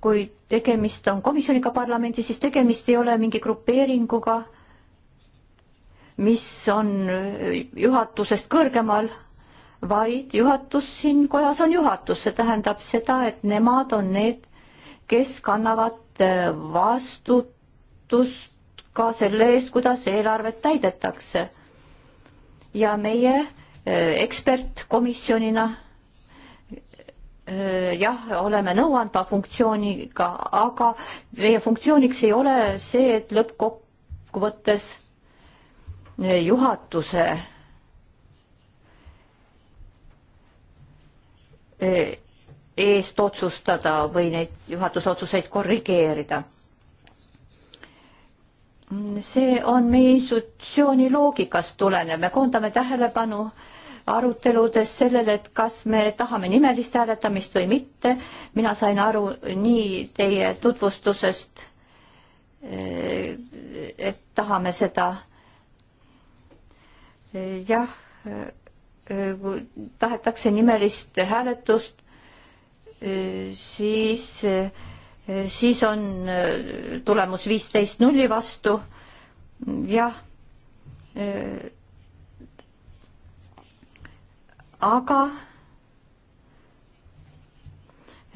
kui tegemist on komisjoniga parlamendis, siis tegemist ei ole mingi grupeeringuga, mis on juhatusest kõrgemal, vaid juhatus siin kojas on juhatus, see tähendab seda, et nemad on need, kes kannavad äh, vastutust ka selle eest, kuidas eelarvet täidetakse ja meie äh, ekspertkomisjonina äh, jah, oleme nõuandva funktsiooniga, aga meie funktsiooniks ei ole see, et lõppkokkuvõttes äh, juhatuse eest otsustada või neid juhatuse otsuseid korrigeerida see on meie institutsiooni loogikast tulenev, me koondame tähelepanu aruteludes sellele, et kas me tahame nimelist hääletamist või mitte. mina sain aru nii teie tutvustusest, eh, et tahame seda eh, jah, eh, tahetakse nimelist hääletust, siis äh, siis on äh, tulemus viisteist nulli vastu. jah. Äh, aga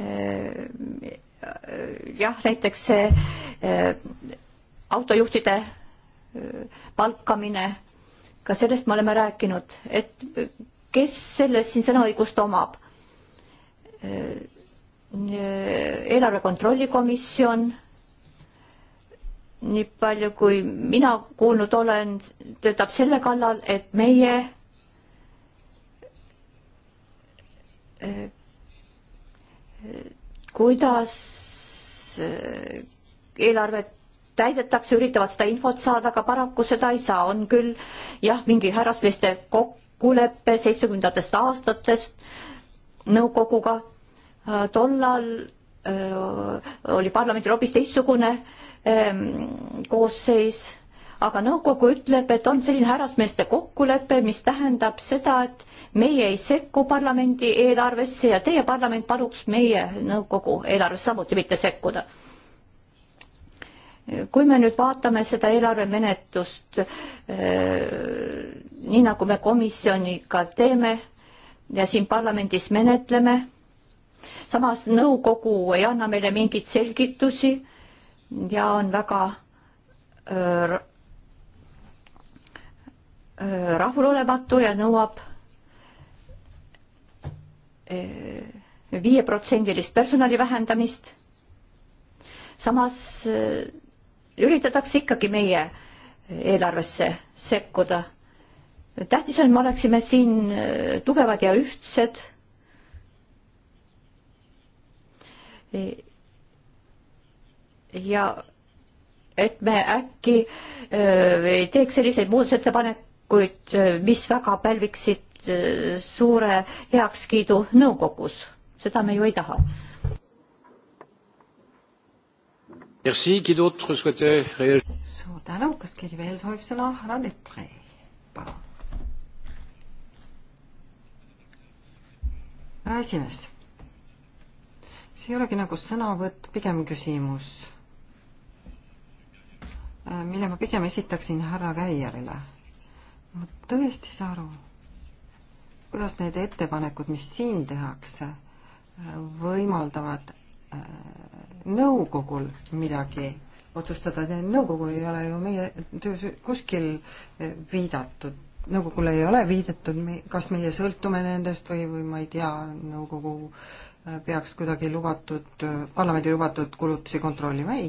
äh, jah, näiteks see autojuhtide palkamine, ka sellest me oleme rääkinud, et kes selles siin sõnaõigust omab eelarve kontrollikomisjon, nii palju kui mina kuulnud olen, töötab selle kallal, et meie eh, kuidas eh, eelarvet täidetakse, üritavad seda infot saada, aga paraku seda ei saa, on küll jah, mingi härrasmeeste kokkulepe seitsmekümnendatest aastatest nõukoguga Äh, tollal äh, oli parlamendil hoopis teistsugune ähm, koosseis, aga nõukogu ütleb, et on selline härrasmeeste kokkulepe, mis tähendab seda, et meie ei sekku parlamendi eelarvesse ja teie parlament paluks meie nõukogu eelarvesse samuti mitte sekkuda. kui me nüüd vaatame seda eelarvemenetlust, äh, nii nagu me komisjoniga teeme ja siin parlamendis menetleme samas nõukogu ei anna meile mingeid selgitusi ja on väga öö, rahulolematu ja nõuab viieprotsendilist personali vähendamist. samas üritatakse ikkagi meie eelarvesse sekkuda. tähtis on, me oleksime siin tugevad ja ühtsed ja et me äkki äh, ei teeks selliseid muudatusettepanekuid, äh, mis väga pälviksid äh, suure heakskiidu nõukogus, seda me ju ei taha. suur tänu, kas keegi veel soovib sõna? härra Depree, palun. härra esimees see ei olegi nagu sõnavõtt, pigem küsimus, äh, mille ma pigem esitaksin härra Käierile. ma tõesti ei saa aru, kuidas need ettepanekud, mis siin tehakse, võimaldavad äh, nõukogul midagi otsustada, nõukogu ei ole ju meie töös kuskil äh, viidatud, nõukogule ei ole viidatud, kas meie sõltume nendest või, või ma ei tea, nõukogu äh, peaks kuidagi lubatud, parlamendi lubatud kulutusi kontrollima, ei.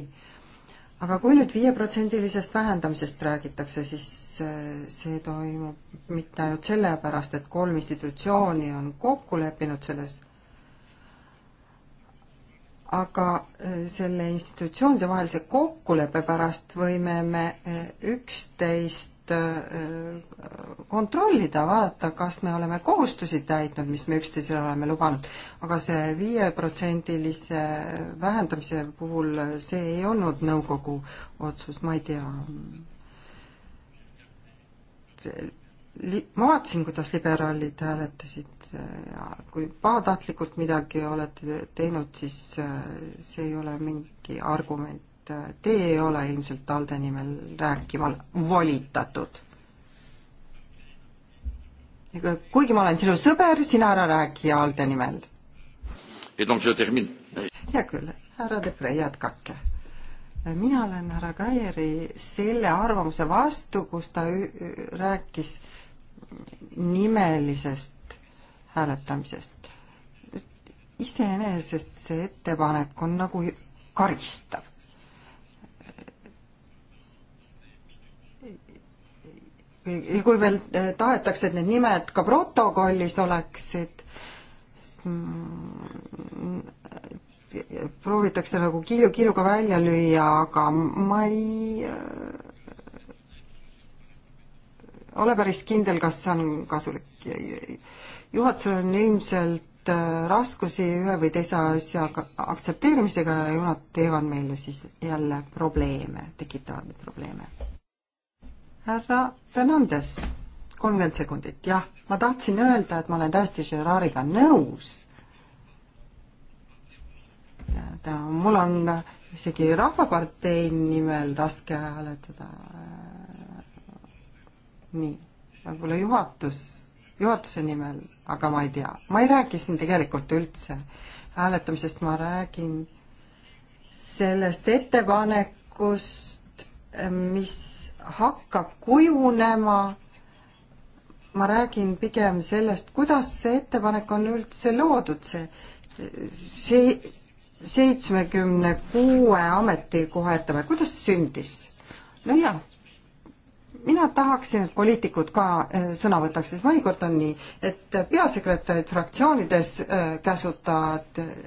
aga kui nüüd viieprotsendilisest vähendamisest räägitakse, siis äh, see toimub mitte ainult sellepärast, et kolm institutsiooni on kokku leppinud selles, aga äh, selle institutsioonide vahelise kokkuleppe pärast võime me äh, üksteist Äh, kontrollida, vaadata, kas me oleme kohustusi täitnud, mis me üksteisele oleme lubanud. aga see viieprotsendilise vähendamise puhul, äh, see ei olnud nõukogu otsus, ma ei tea. ma vaatasin, kuidas liberaalid hääletasid äh, ja kui pahatahtlikult midagi olete teinud, siis see ei ole mingi argument et äh, teie ei ole ilmselt ALDE nimel rääkima volitatud. kuigi ma olen sinu sõber, sina ära räägi ALDE nimel. hea küll, härra Depre, jätkake. mina olen härra Kaieri selle arvamuse vastu, kus ta rääkis nimelisest hääletamisest. iseenesest see ettepanek on nagu karistav. ja kui veel eh, tahetakse, et need nimed ka protokollis oleksid, mm, proovitakse nagu killu, killuga välja lüüa, aga ma ei eh, ole päris kindel, kas see on kasulik. juhatusel on ilmselt eh, raskusi ühe või teise asja aktsepteerimisega ja nad teevad meile siis jälle probleeme, tekitavad probleeme härra Fernandes, kolmkümmend sekundit, jah, ma tahtsin öelda, et ma olen täiesti Gerardiga nõus. ta, mul on isegi Rahvapartei nimel raske hääletada. nii, võib-olla juhatus, juhatuse nimel, aga ma ei tea, ma ei räägi siin tegelikult üldse hääletamisest, ma räägin sellest ettepanekust, mis hakkab kujunema. ma räägin pigem sellest, kuidas see ettepanek on üldse loodud, see, see seitsmekümne kuue ametikoha ettepanek, kuidas sündis? nojah, mina tahaksin, et poliitikud ka eh, sõna võtaks, sest mõnikord on nii, et peasekretärid fraktsioonides eh, käsutavad eh,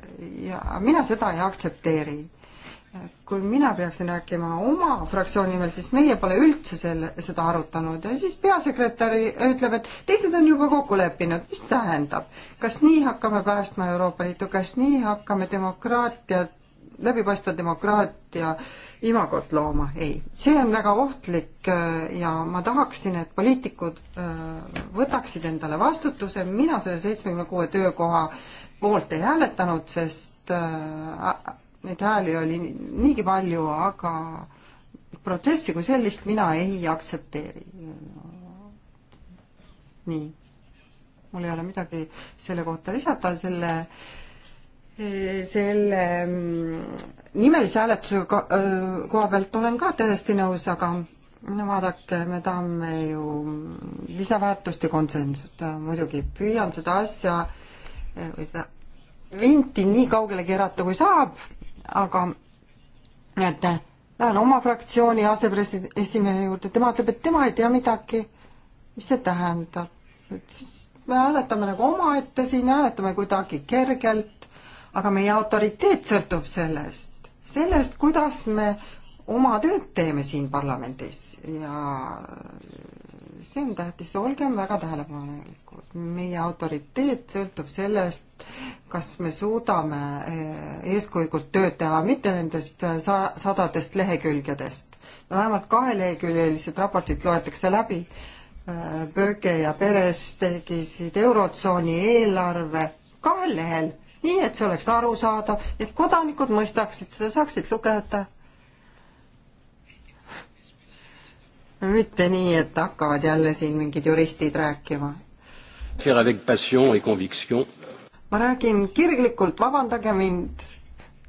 ja mina seda ei aktsepteeri kui mina peaksin rääkima oma fraktsiooni nimel, siis meie pole üldse selle, seda arutanud ja siis peasekretär ütleb, et teised on juba kokku leppinud, mis tähendab, kas nii hakkame päästma Euroopa Liitu, kas nii hakkame demokraatiat, läbipaistva demokraatia imagot looma, ei. see on väga ohtlik äh, ja ma tahaksin, et poliitikud äh, võtaksid endale vastutuse, mina selle seitsmekümne kuue töökoha poolt ei hääletanud, sest äh, neid hääli oli niigi palju, aga protsessi kui sellist mina ei aktsepteeri. nii. mul ei ole midagi selle kohta lisada, selle selle mm, nimelise hääletuse koha pealt olen ka täiesti nõus, aga no vaadake, me tahame ju lisaväärtust ja konsensust, muidugi püüan seda asja või seda vinti nii kaugele keerata, kui saab aga et lähen oma fraktsiooni asepresimehe juurde, tema ütleb, et tema ei tea midagi. mis see tähendab? et siis me hääletame nagu omaette siin, hääletame kuidagi kergelt, aga meie autoriteet sõltub sellest, sellest, kuidas me oma tööd teeme siin parlamendis ja see on tähtis, olgem väga tähelepanelikud. meie autoriteet sõltub sellest, kas me suudame eh, eeskujulikult tööd teha, mitte nendest eh, sa-, sadadest lehekülgedest. no vähemalt kaheleheküljelised raportid loetakse läbi, eh, Böge ja Peres tegisid Eurotsooni eelarve kahel lehel, nii et see oleks arusaadav, et kodanikud mõistaksid seda, saaksid lugeda no mitte nii, et hakkavad jälle siin mingid juristid rääkima. ma räägin kirglikult, vabandage mind,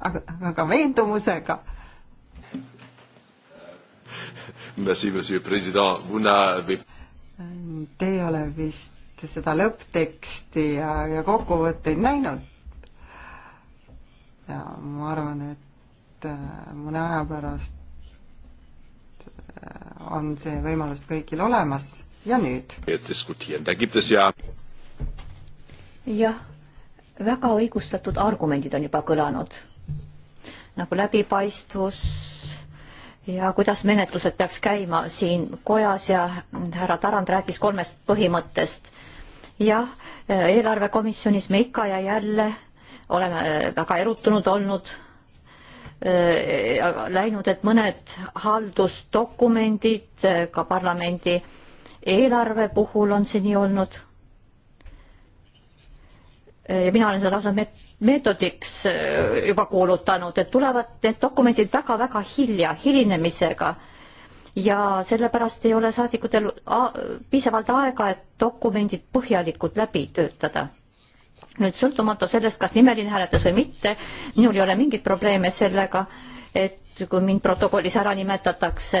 aga, aga veendumusega. Te ei ole vist seda lõppteksti ja, ja kokkuvõtteid näinud. ja ma arvan, et äh, mõne aja pärast Äh, on see võimalus kõigil olemas ja nüüd? jah, väga õigustatud argumendid on juba kõlanud, nagu läbipaistvus ja kuidas menetlused peaks käima siin kojas ja härra Tarand rääkis kolmest põhimõttest. jah, eelarvekomisjonis me ikka ja jälle oleme väga erutunud olnud Äh, läinud, et mõned haldusdokumendid äh, ka parlamendi eelarve puhul on see nii olnud. Äh, ja mina olen seda lausa met-, meetodiks juba kuulutanud, et tulevad need dokumendid väga-väga hilja, hilinemisega. ja sellepärast ei ole saadikutel piisavalt aega, et dokumendid põhjalikult läbi töötada nüüd sõltumata sellest, kas nimeline hääletus või mitte, minul ei ole mingeid probleeme sellega, et kui mind protokollis ära nimetatakse,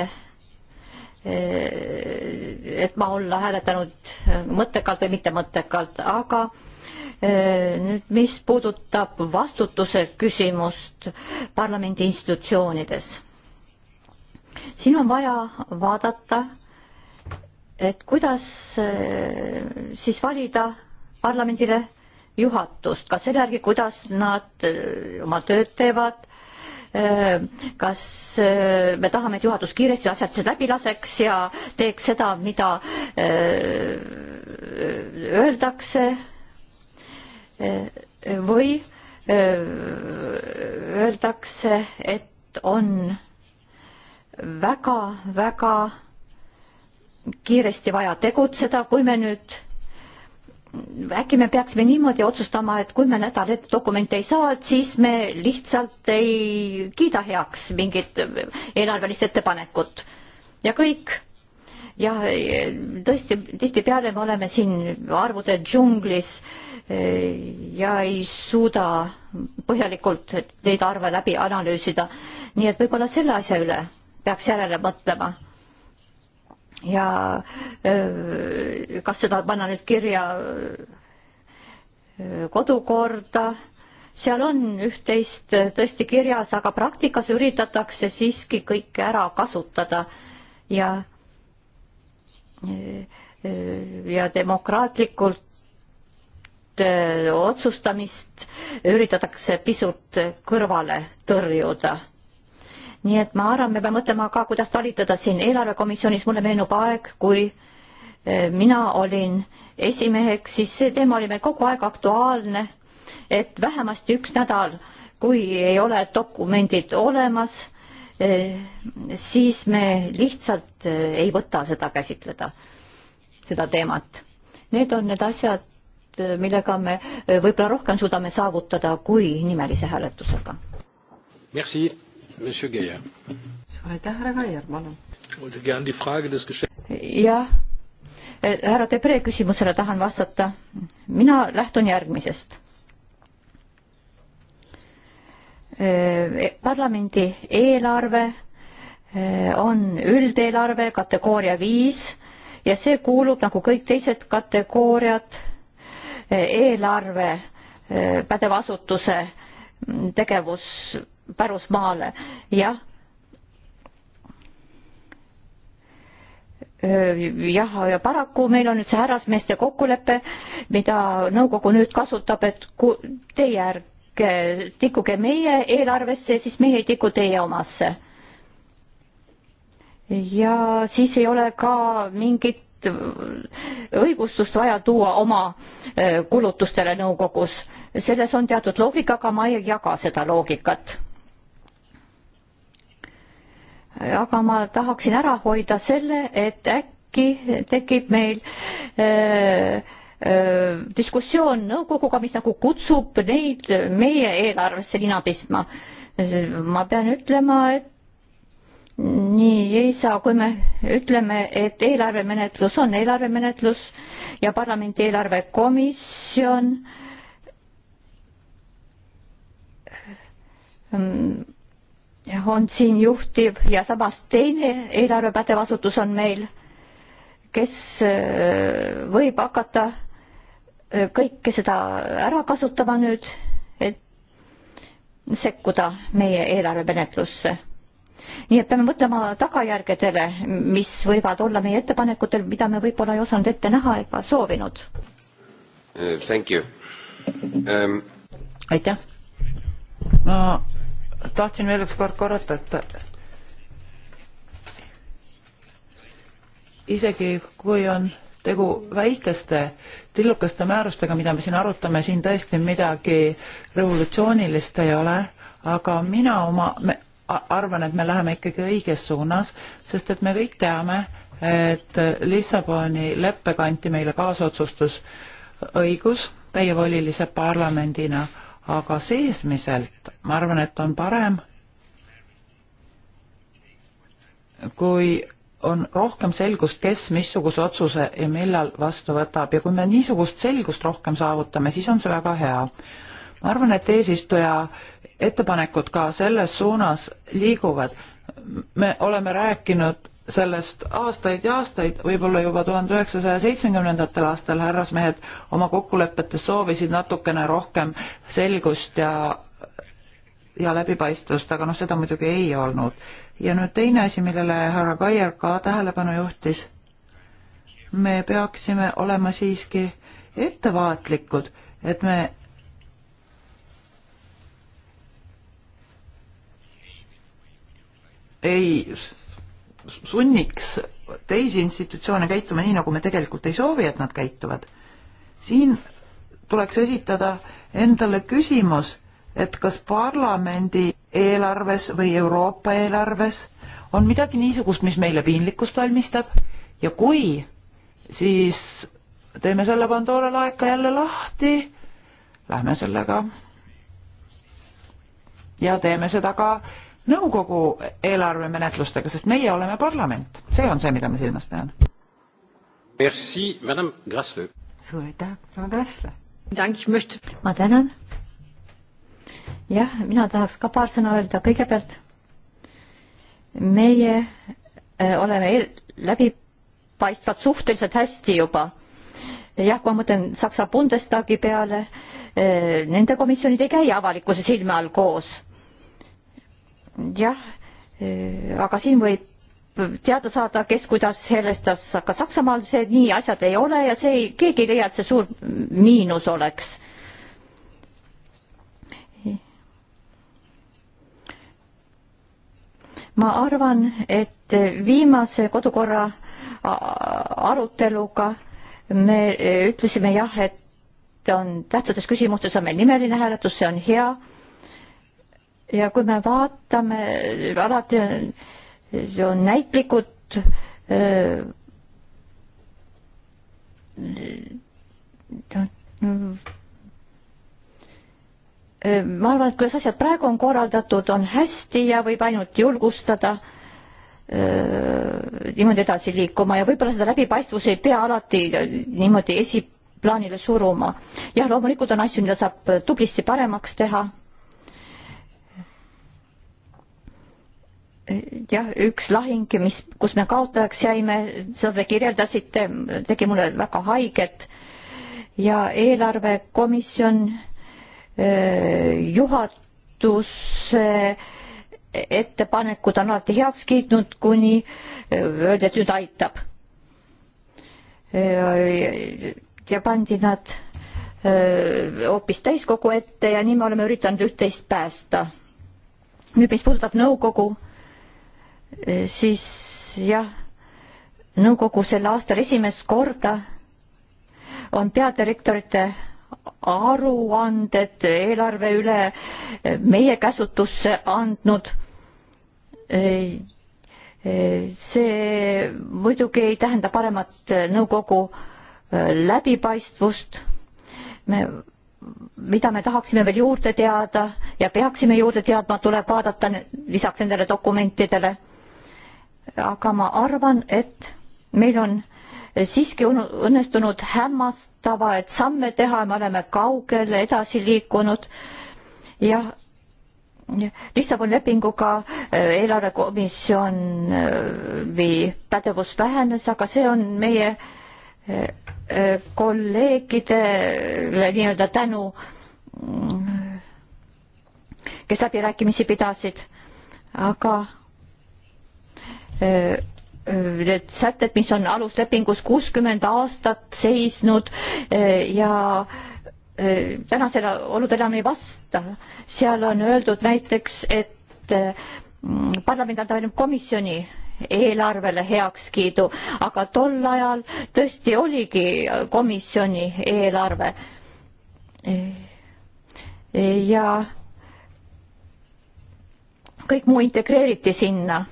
eh, et ma olla hääletanud eh, mõttekalt või mitte mõttekalt, aga eh, nüüd, mis puudutab vastutuse küsimust parlamendi institutsioonides, siin on vaja vaadata, et kuidas siis valida parlamendile juhatust, ka selle järgi, kuidas nad äh, oma tööd teevad, äh, kas äh, me tahame, et juhatus kiiresti asjad läbi laseks ja teeks seda, mida öeldakse või öeldakse, et on väga-väga kiiresti vaja tegutseda, kui me nüüd äkki me peaksime niimoodi otsustama, et kui me nädal ette dokumente ei saa, et siis me lihtsalt ei kiida heaks mingit eelarvelist ettepanekut ja kõik. ja e, tõesti, tihtipeale me oleme siin arvude džunglis e, ja ei suuda põhjalikult neid arve läbi analüüsida. nii et võib-olla selle asja üle peaks järele mõtlema ja kas seda panna nüüd kirja kodukorda, seal on üht-teist tõesti kirjas, aga praktikas üritatakse siiski kõike ära kasutada ja ja demokraatlikult otsustamist üritatakse pisut kõrvale tõrjuda nii et ma arvan, me peame mõtlema ka, kuidas talitada siin eelarvekomisjonis, mulle meenub aeg, kui eh, mina olin esimeheks, siis see teema oli meil kogu aeg aktuaalne, et vähemasti üks nädal, kui ei ole dokumendid olemas, eh, siis me lihtsalt eh, ei võta seda käsitleda, seda teemat. Need on need asjad, millega me võib-olla rohkem suudame saavutada kui nimelise hääletusega. Merci Monsieur Geier. suur aitäh, härra Geier, palun. jah, eh, härra Debre küsimusele tahan vastata. mina lähtun järgmisest. Eh, parlamendi eelarve eh, on üldeelarve kategooria viis ja see kuulub nagu kõik teised kategooriad eelarve pädeva asutuse mm, tegevus pärusmaale, jah. jah, ja paraku meil on nüüd see härrasmeeste kokkulepe, mida nõukogu nüüd kasutab, et ku-, teie ärge tikkuge meie eelarvesse, siis meie ei tiku teie omasse. ja siis ei ole ka mingit õigustust vaja tuua oma kulutustele nõukogus. selles on teatud loogika, aga ma ei jaga seda loogikat aga ma tahaksin ära hoida selle, et äkki tekib meil öö, äh, öö, äh, diskussioon nõukoguga, mis nagu kutsub neid meie eelarvesse nina pistma. ma pean ütlema, et nii ei saa, kui me ütleme, et eelarvemenetlus on eelarvemenetlus ja parlamendi eelarvekomisjon mm, on siin juhtiv ja samas teine eelarvepädev asutus on meil, kes äh, võib hakata äh, kõike seda ära kasutama nüüd, et sekkuda meie eelarvemenetlusse. nii et peame mõtlema tagajärgedele, mis võivad olla meie ettepanekutel, mida me võib-olla ei osanud ette näha ega soovinud uh,. Thank you um.... aitäh. ma tahtsin veel ükskord korrata, et isegi kui on tegu väikeste tillukaste määrustega, mida me siin arutame, siin tõesti midagi revolutsioonilist ei ole, aga mina oma arvan, et me läheme ikkagi õiges suunas, sest et me kõik teame, et Lissaboni leppega anti meile kaasotsustusõigus täievolilise parlamendina aga seesmiselt ma arvan, et on parem, kui on rohkem selgust, kes missuguse otsuse ja millal vastu võtab ja kui me niisugust selgust rohkem saavutame, siis on see väga hea. ma arvan, et eesistuja ettepanekud ka selles suunas liiguvad. me oleme rääkinud sellest aastaid ja aastaid, võib-olla juba tuhande üheksasaja seitsmekümnendatel aastal härrasmehed oma kokkulepetes soovisid natukene rohkem selgust ja, ja läbipaistvust, aga noh, seda muidugi ei olnud. ja nüüd teine asi, millele härra Kaier ka tähelepanu juhtis, me peaksime olema siiski ettevaatlikud, et me ei sunniks teisi institutsioone käituma nii, nagu me tegelikult ei soovi, et nad käituvad, siin tuleks esitada endale küsimus, et kas parlamendi eelarves või Euroopa eelarves on midagi niisugust, mis meile piinlikkust valmistab ja kui, siis teeme selle Pandora laeka jälle lahti, lähme sellega ja teeme seda ka nõukogu eelarvemenetlustega, sest meie oleme parlament. see on see, mida ma silmas pean. Merci, madame Grassle. suur aitäh, proua Grassle. ma tänan. jah, mina tahaks ka paar sõna öelda, kõigepealt meie äh, oleme läbipaistvad suhteliselt hästi juba. jah, kui ma mõtlen Saksa Bundestagi peale, äh, nende komisjonid ei käi avalikkuse silme all koos jah, eh, aga siin võib teada saada, kes kuidas helestas, aga Saksamaal see nii asjad ei ole ja see ei, keegi ei leia, et see suur miinus oleks. ma arvan, et viimase kodukorra aruteluga me ütlesime jah, et on tähtsates küsimustes on meil nimeline hääletus, see on hea ja kui me vaatame, alati on ju näitlikud äh, äh, ma arvan, et kuidas asjad praegu on korraldatud, on hästi ja võib ainult julgustada äh, niimoodi edasi liikuma ja võib-olla seda läbipaistvus ei pea alati niimoodi esiplaanile suruma. jah, loomulikult on asju, mida saab tublisti paremaks teha jah, üks lahing, mis, kus me kaotajaks jäime, seda te kirjeldasite, tegi mulle väga haiget ja eelarvekomisjon juhatuse ettepanekud on alati heaks kiitnud, kuni öeldi, et nüüd aitab. ja pandi nad hoopis täiskogu ette ja nii me oleme üritanud üht-teist päästa. nüüd, mis puudutab nõukogu no Eh, siis jah, nõukogu sel aastal esimest korda on peadirektorite aruanded eelarve üle eh, meie käsutusse andnud. Eh, see muidugi ei tähenda paremat nõukogu läbipaistvust. me, mida me tahaksime veel juurde teada ja peaksime juurde teadma, tuleb vaadata lisaks nendele dokumentidele aga ma arvan, et meil on siiski õnnestunud hämmastavaid samme teha, me oleme kaugele edasi liikunud. jah, Lissaboni lepinguga äh, eelarvekomisjoni äh, pädevus vähenes, aga see on meie äh, kolleegidele nii-öelda tänu, mm, kes läbirääkimisi pidasid, aga need sätted, mis on aluslepingus kuuskümmend aastat seisnud eh, ja eh, tänasel olud enam ei vasta. seal on öeldud näiteks, et mm, parlament annab ainult komisjoni eelarvele heakskiidu, aga tol ajal tõesti oligi komisjoni eelarve. Eh, ja kõik muu integreeriti sinna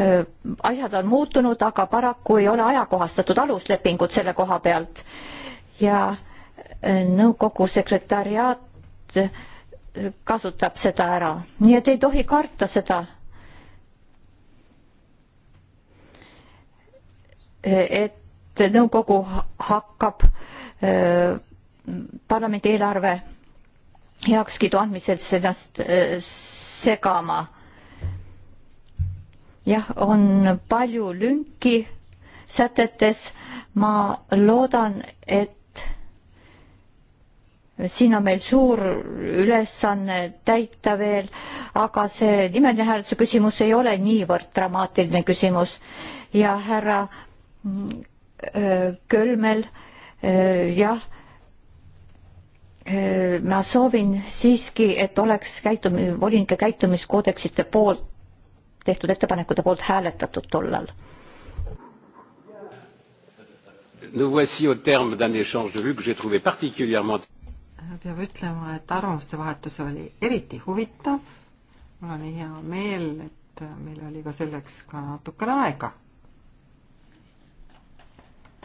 Äh, asjad on muutunud, aga paraku ei ole ajakohastatud aluslepingut selle koha pealt ja äh, nõukogu sekretariaat äh, kasutab seda ära, nii et ei tohi karta seda. et nõukogu hakkab parlamendi eelarve heakskiidu andmisel ennast segama jah, on palju lünki sätetes. ma loodan, et siin on meil suur ülesanne täita veel, aga see nimeline hääletuse küsimus ei ole niivõrd dramaatiline küsimus ja härra äh, Kölmel äh, jah äh, ma soovin siiski, et oleks käitum-, volinike käitumiskoodeksite poolt tehtud ettepanekute poolt hääletatud tollal. Nous voici au terme d'un échange de vues que j'ai trouvé particulièrement peab ütlema, et arvamuste vahetus oli eriti huvitav. mul on hea meel, et meil oli ka selleks ka natukene aega.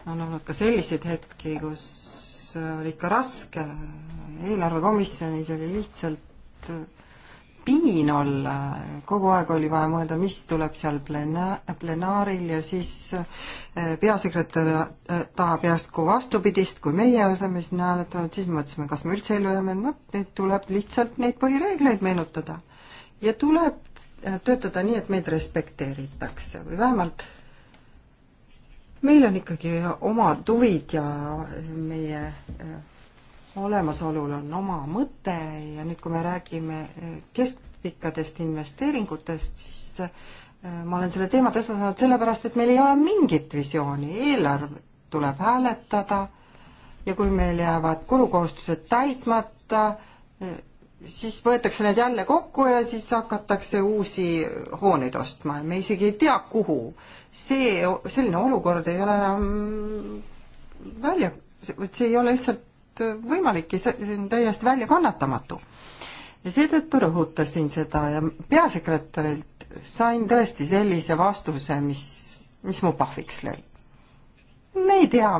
on olnud ka selliseid hetki, kus oli ikka raske. eelarvekomisjonis oli lihtsalt piin olla, kogu aeg oli vaja mõelda, mis tuleb seal plena-, plenaaril ja siis eh, peasekretär tahab järsku vastupidist, kui meie oleme siin hääletanud, siis mõtlesime, kas me üldse ellu jääme, noh, nüüd tuleb lihtsalt neid põhireegleid meenutada. ja tuleb eh, töötada nii, et meid respekteeritakse või vähemalt meil on ikkagi omad huvid ja meie eh, olemasolul on oma mõte ja nüüd, kui me räägime eh, keskpikkadest investeeringutest, siis eh, ma olen selle teema tõstatanud sellepärast, et meil ei ole mingit visiooni, eelarve tuleb hääletada ja kui meil jäävad kulukohustused täitmata, eh, siis võetakse need jälle kokku ja siis hakatakse uusi hooneid ostma ja me isegi ei tea, kuhu. see, selline olukord ei ole enam välja, see ei ole lihtsalt võimalik ja see on täiesti väljakannatamatu. ja seetõttu rõhutasin seda ja peasekretärilt sain tõesti sellise vastuse, mis, mis mu pahviks lõi. me ei tea,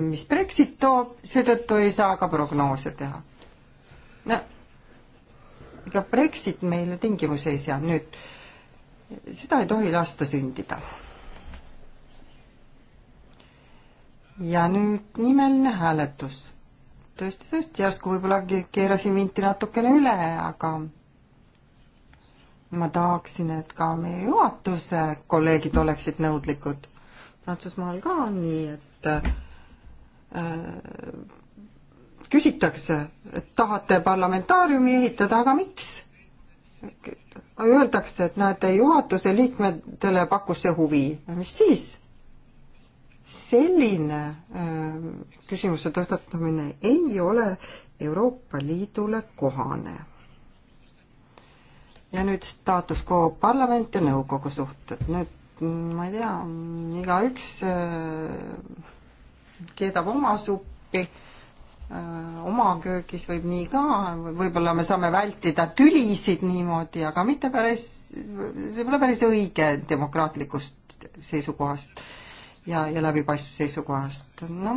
mis Brexit toob, seetõttu ei saa ka prognoose teha. no ega Brexit meile tingimusi ei sea, nüüd seda ei tohi lasta sündida ja nüüd nimeline hääletus tõesti, tõesti, järsku võib-olla keerasin vinti natukene üle, aga ma tahaksin, et ka meie juhatuse kolleegid oleksid nõudlikud. Prantsusmaal ka on nii, et äh, küsitakse, et tahate parlamentaariumi ehitada, aga miks? Öeldakse, et näete, juhatuse liikmetele pakkus see huvi. mis siis? selline äh, küsimuse tõstatamine ei ole Euroopa Liidule kohane. ja nüüd staatus quo parlament ja nõukogu suhted, nüüd mm, ma ei tea, igaüks äh, keedab oma suppi, äh, oma köögis võib nii ka, võib-olla me saame vältida tülisid niimoodi, aga mitte päris, see pole päris õige demokraatlikust seisukohast ja, ja läbipaistvuse seisukohast. noh,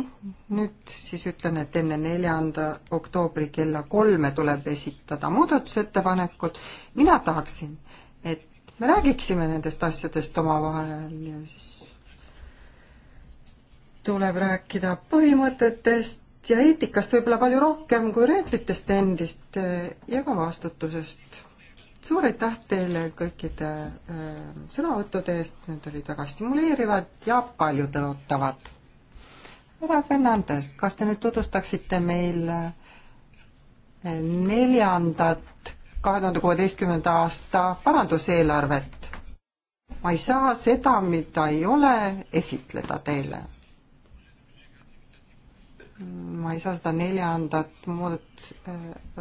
nüüd siis ütlen, et enne neljanda oktoobri kella kolme tuleb esitada muudatusettepanekud. mina tahaksin, et me räägiksime nendest asjadest omavahel ja siis tuleb rääkida põhimõtetest ja eetikast võib-olla palju rohkem kui reeglitest endist ja ka vastutusest suur aitäh teile kõikide äh, sõnavõttude eest, need olid väga stimuleerivad ja paljutõotavad. härra Fernandes, kas te nüüd tutvustaksite meile äh, neljandat kahe tuhande kuueteistkümnenda aasta paranduseelarvet? ma ei saa seda, mida ei ole, esitleda teile ma ei saa seda neljandat muudat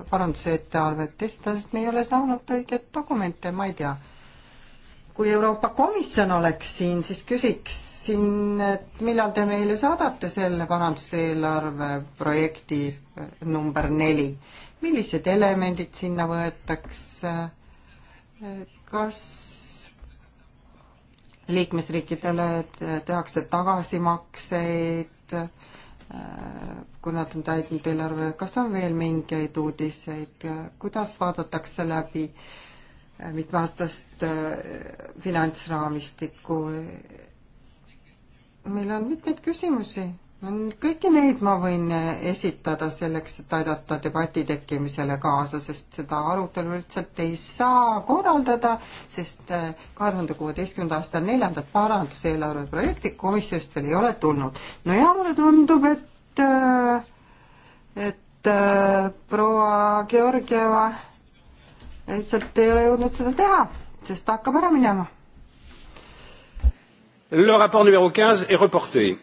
parandusettearvet esitada, sest me ei ole saanud õiget dokumente, ma ei tea. kui Euroopa Komisjon oleks siin, siis küsiksin, et millal te meile saadate selle paranduseelarve projekti äh, number neli, millised elemendid sinna võetakse, kas liikmesriikidele tehakse tagasimakseid, kui nad on täitnud eelarve, kas on veel mingeid uudiseid, kuidas vaadatakse läbi mitmeaastast äh, finantsraamistikku? meil on mitmeid küsimusi Mm, kõiki neid ma võin eh, esitada selleks, et aidata debati tekkimisele kaasa, sest seda arutelu lihtsalt ei saa korraldada, sest eh, kahe tuhande kuueteistkümnenda aasta neljandat paranduseelarve projekti komisjonist veel ei ole tulnud. no ja mulle tundub, et, eh, et proua Georgieva lihtsalt ei ole jõudnud seda teha, sest ta hakkab ära minema. Le rapport numéro 15 est reporté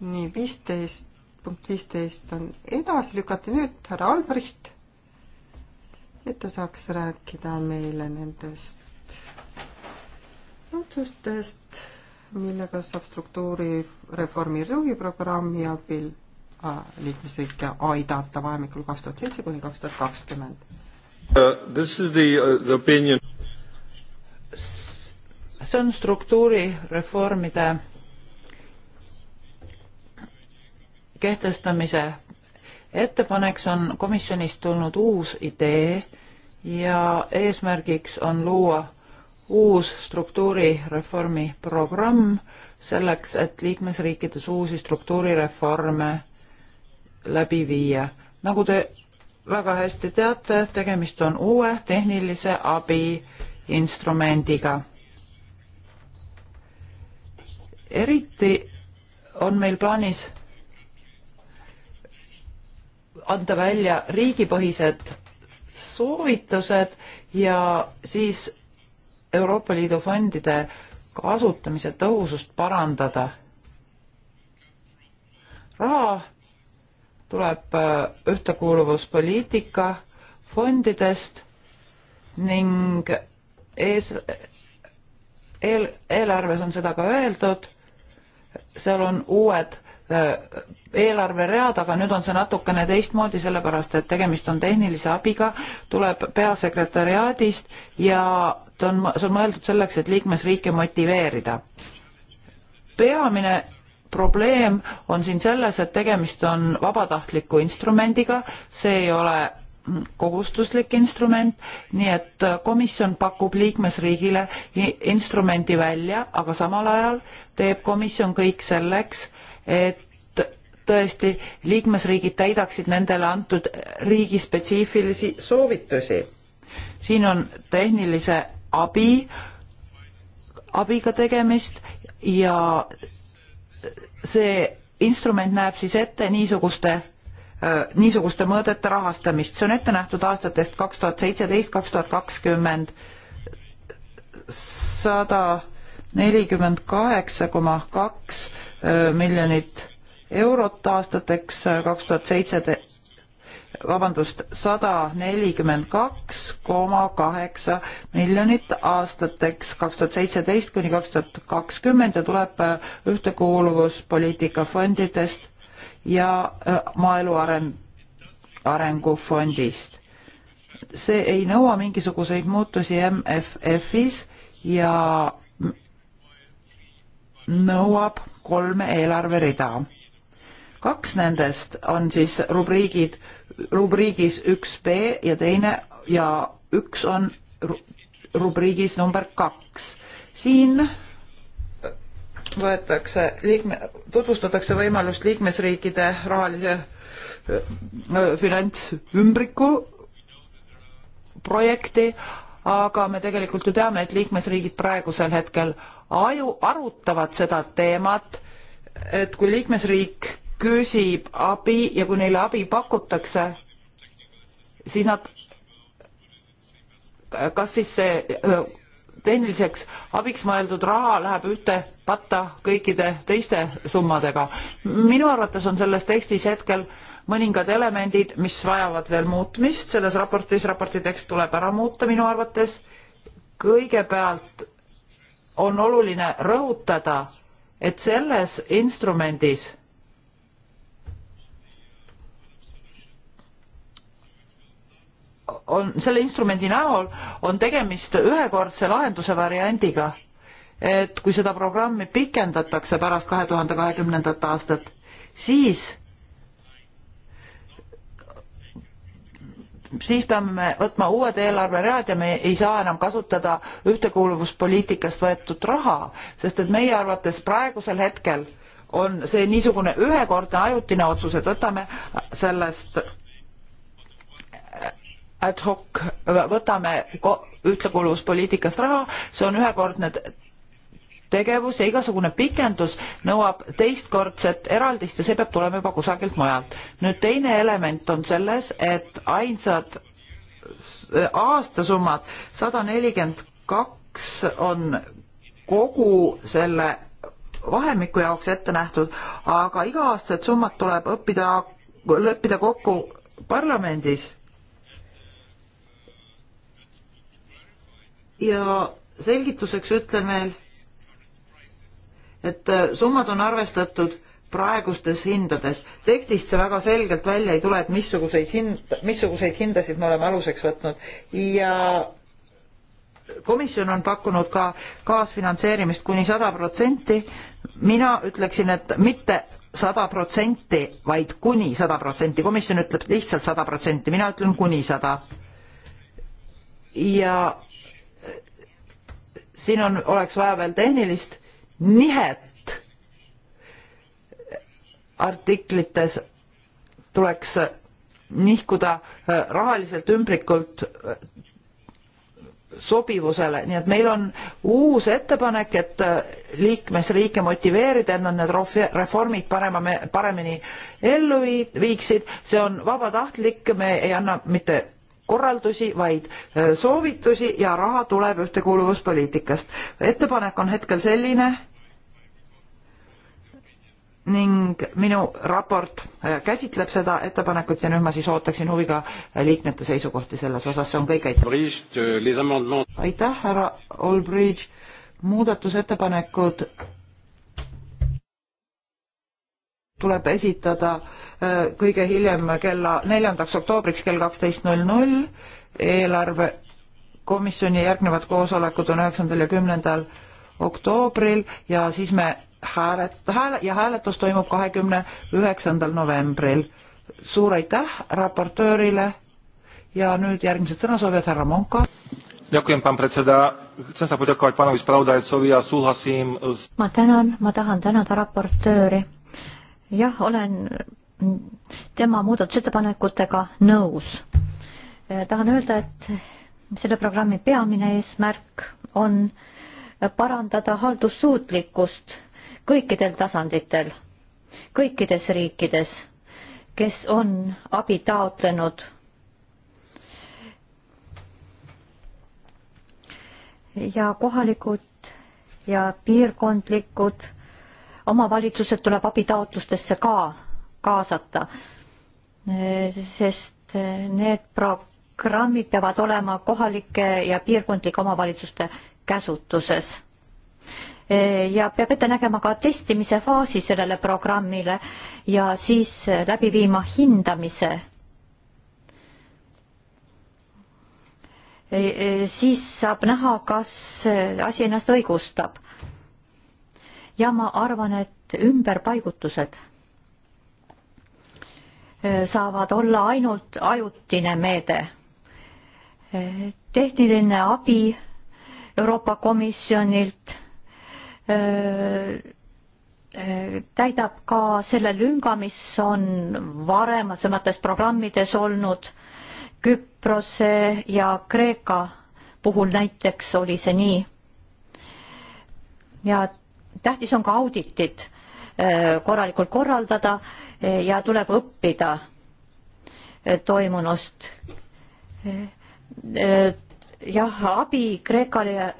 nii viisteist, punkt viisteist on edasi lükati nüüd härra Albrecht, et ta saaks rääkida meile nendest otsustest, millega saab struktuurireformi rõhiprogrammi abil äh, liikmesriike aidata vahemikul kaks tuhat seitse kuni kaks tuhat kakskümmend. Uh, this is the uh, the opinion see on struktuurireformide kehtestamise ettepaneks on komisjonist tulnud uus idee ja eesmärgiks on luua uus struktuurireformi programm selleks, et liikmesriikides uusi struktuurireforme läbi viia. nagu te väga hästi teate, tegemist on uue tehnilise abi instrumendiga. eriti on meil plaanis anda välja riigipõhised soovitused ja siis Euroopa Liidu fondide kasutamise tõhusust parandada. raha tuleb äh, ühtekuuluvuspoliitika fondidest ning ees, eel, eelarves on seda ka öeldud, seal on uued äh, eelarveread, aga nüüd on see natukene teistmoodi, sellepärast et tegemist on tehnilise abiga, tuleb peasekretäriaadist ja ta on, see on mõeldud selleks, et liikmesriike motiveerida. peamine probleem on siin selles, et tegemist on vabatahtliku instrumendiga, see ei ole kohustuslik instrument, nii et komisjon pakub liikmesriigile instrumendi välja, aga samal ajal teeb komisjon kõik selleks, et tõesti liikmesriigid täidaksid nendele antud riigi spetsiifilisi soovitusi. siin on tehnilise abi, abiga tegemist ja see instrument näeb siis ette niisuguste äh, niisuguste mõõdete rahastamist, see on ette nähtud aastatest kaks tuhat seitseteist, kaks tuhat kakskümmend sada nelikümmend kaheksa koma kaks äh, miljonit eurot aastateks äh, kaks tuhat seitse, vabandust, sada nelikümmend kaks koma kaheksa miljonit aastateks kaks tuhat seitseteist kuni kaks tuhat kakskümmend ja tuleb äh, ühtekuuluvuspoliitika fondidest ja äh, maaelu areng, arengufondist. see ei nõua mingisuguseid muutusi MFF-is ja nõuab kolme eelarverida kaks nendest on siis rubriigid, rubriigis üks B ja teine ja üks on rubriigis number kaks. siin võetakse liikme, tutvustatakse võimalust liikmesriikide rahalise äh, finantsümbriku projekti, aga me tegelikult ju teame, et liikmesriigid praegusel hetkel aju, arutavad seda teemat, et kui liikmesriik küsib abi ja kui neile abi pakutakse, siis nad, kas siis see tehniliseks abiks mõeldud raha läheb ühte patta kõikide teiste summadega. minu arvates on selles tekstis hetkel mõningad elemendid, mis vajavad veel muutmist, selles raportis, raporti tekst tuleb ära muuta minu arvates. kõigepealt on oluline rõhutada, et selles instrumendis on selle instrumendi näol on tegemist ühekordse lahenduse variandiga, et kui seda programmi pikendatakse pärast kahe tuhande kahekümnendat aastat, siis siis peame me võtma uued eelarveread ja me ei saa enam kasutada ühtekuuluvuspoliitikast võetud raha, sest et meie arvates praegusel hetkel on see niisugune ühekordne ajutine otsus, et võtame sellest ad hoc võtame ühtekuuluvuspoliitikast raha, see on ühekordne tegevus ja igasugune pikendus nõuab teistkordset eraldist ja see peab tulema juba kusagilt mujalt. nüüd teine element on selles, et ainsad aastasummad sada nelikümmend kaks on kogu selle vahemiku jaoks ette nähtud, aga iga-aastased summad tuleb õppida, leppida kokku parlamendis ja selgituseks ütlen veel, et äh, summad on arvestatud praegustes hindades. tekstist see väga selgelt välja ei tule, et missuguseid hind, missuguseid hindasid me oleme aluseks võtnud ja komisjon on pakkunud ka kaasfinantseerimist kuni sada protsenti. mina ütleksin, et mitte sada protsenti, vaid kuni sada protsenti, komisjon ütleb lihtsalt sada protsenti, mina ütlen kuni sada. ja siin on, oleks vaja veel tehnilist nihet artiklites tuleks nihkuda äh, rahaliselt ümbrikult äh, sobivusele, nii et meil on uus ettepanek, et äh, liikmesriike motiveerida, et nad need reformid parema, paremini ellu viiksid, see on vabatahtlik, me ei anna mitte korraldusi, vaid soovitusi ja raha tuleb ühtekuuluvuspoliitikast. ettepanek on hetkel selline ning minu raport käsitleb seda ettepanekut ja nüüd ma siis ootaksin huviga liikmete seisukohti selles osas, see on kõik, aitäh. aitäh, härra Olbridge, muudatusettepanekud tuleb esitada äh, kõige hiljem kella neljandaks oktoobriks kell kaksteist null null. eelarve komisjoni järgnevad koosolekud on üheksandal ja kümnendal oktoobril ja siis me häälet-, hääle- ja hääletus toimub kahekümne üheksandal novembril. suur aitäh raportöörile ja nüüd järgmised sõnasoovijad, härra Monka. Ďakujem, pán predseda. Chcem sa poďakovať pánovi spravodajcovi a súhlasím s... Ma tänan, ma tahan tänada raportööri jah, olen tema muudatusettepanekutega nõus. Eh, tahan öelda, et selle programmi peamine eesmärk on parandada haldussuutlikkust kõikidel tasanditel, kõikides riikides, kes on abi taotlenud. ja kohalikud ja piirkondlikud omavalitsused tuleb abitaotlustesse ka kaasata, sest need programmid peavad olema kohalike ja piirkondlike omavalitsuste käsutuses. ja peab ette nägema ka testimise faasi sellele programmile ja siis läbi viima hindamise. siis saab näha, kas asi ennast õigustab ja ma arvan, et ümberpaigutused äh, saavad olla ainult ajutine meede. Äh, tehniline abi Euroopa Komisjonilt äh, täidab ka selle lünga, mis on varemates programmides olnud Küprose ja Kreeka puhul näiteks oli see nii. ja tähtis on ka auditit äh, korralikult korraldada äh, ja tuleb õppida äh, toimunust. jah, abi Kreekale ja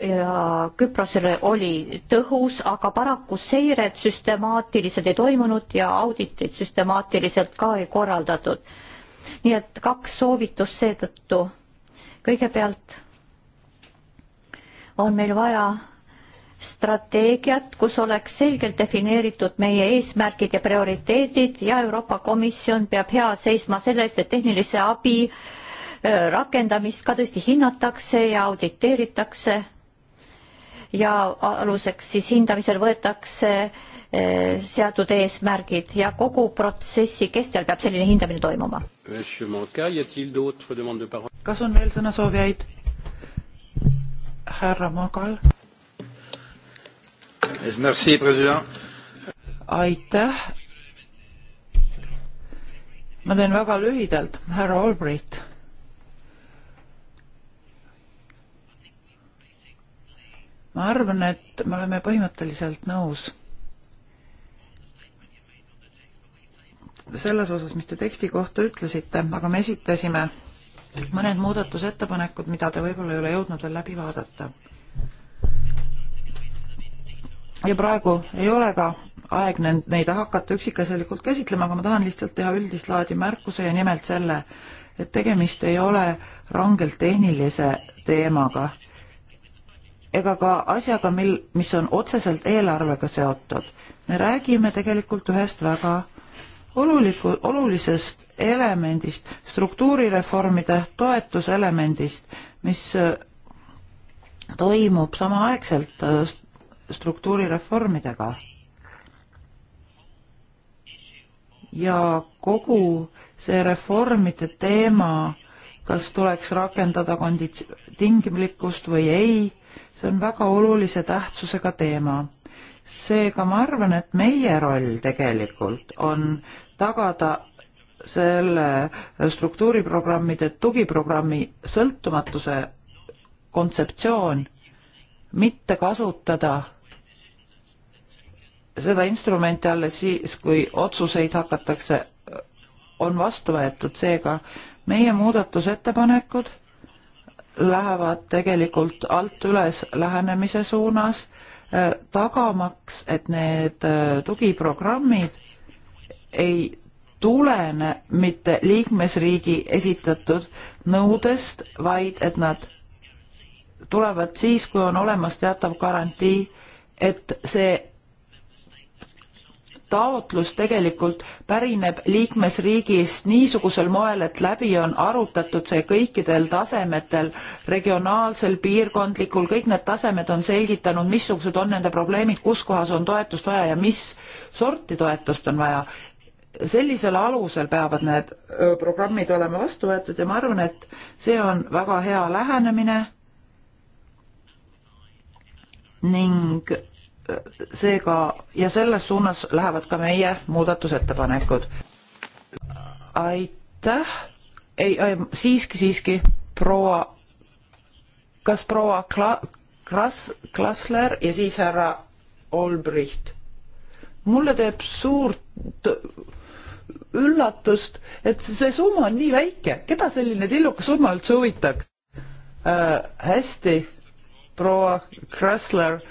Küprosele oli tõhus, aga paraku seired süstemaatiliselt ei toimunud ja auditeid süstemaatiliselt ka ei korraldatud. nii et kaks soovitust seetõttu. kõigepealt on meil vaja strateegiat, kus oleks selgelt defineeritud meie eesmärgid ja prioriteedid ja Euroopa Komisjon peab hea seisma selle eest, et tehnilise abi äh, rakendamist ka tõesti hinnatakse ja auditeeritakse. ja aluseks siis hindamisel võetakse äh, seatud eesmärgid ja kogu protsessi kestel peab selline hindamine toimuma. kas on veel sõnasoovijaid? härra Magal aitäh. ma teen väga lühidalt, härra Albrecht. ma arvan, et me oleme põhimõtteliselt nõus selles osas, mis te teksti kohta ütlesite, aga me esitasime mõned muudatusettepanekud, mida te võib-olla ei ole jõudnud veel läbi vaadata ja praegu ei ole ka aeg neid hakata üksikasjalikult käsitlema, aga ma tahan lihtsalt teha üldist laadi märkuse ja nimelt selle, et tegemist ei ole rangelt tehnilise teemaga ega ka asjaga, mil, mis on otseselt eelarvega seotud. me räägime tegelikult ühest väga oluliku, olulisest elemendist, struktuurireformide toetuselemendist, mis äh, toimub samaaegselt äh, struktuurireformidega. ja kogu see reformide teema, kas tuleks rakendada kondits-, tinglikkust või ei, see on väga olulise tähtsusega teema. seega ma arvan, et meie roll tegelikult on tagada selle struktuuriprogrammide tugiprogrammi sõltumatuse kontseptsioon, mitte kasutada seda instrumenti alles siis, kui otsuseid hakatakse, on vastu võetud, seega meie muudatusettepanekud lähevad tegelikult alt üles lähenemise suunas, eh, tagamaks, et need eh, tugiprogrammid ei tulene mitte liikmesriigi esitatud nõudest, vaid et nad tulevad siis, kui on olemas teatav garantii, et see taotlus tegelikult pärineb liikmesriigist niisugusel moel, et läbi on arutatud see kõikidel tasemetel, regionaalsel, piirkondlikul, kõik need tasemed on selgitanud, missugused on nende probleemid, kus kohas on toetust vaja ja mis sorti toetust on vaja. sellisel alusel peavad need programmid olema vastu võetud ja ma arvan, et see on väga hea lähenemine ning seega ja selles suunas lähevad ka meie muudatusettepanekud. aitäh, ei, ei, siiski, siiski, proua, kas proua Kla-, Kras-, Klasler ja siis härra Olbricht. mulle teeb suurt üllatust, et see summa on nii väike, keda selline tillukas summa üldse huvitaks äh,? hästi, proua Kressler äh,,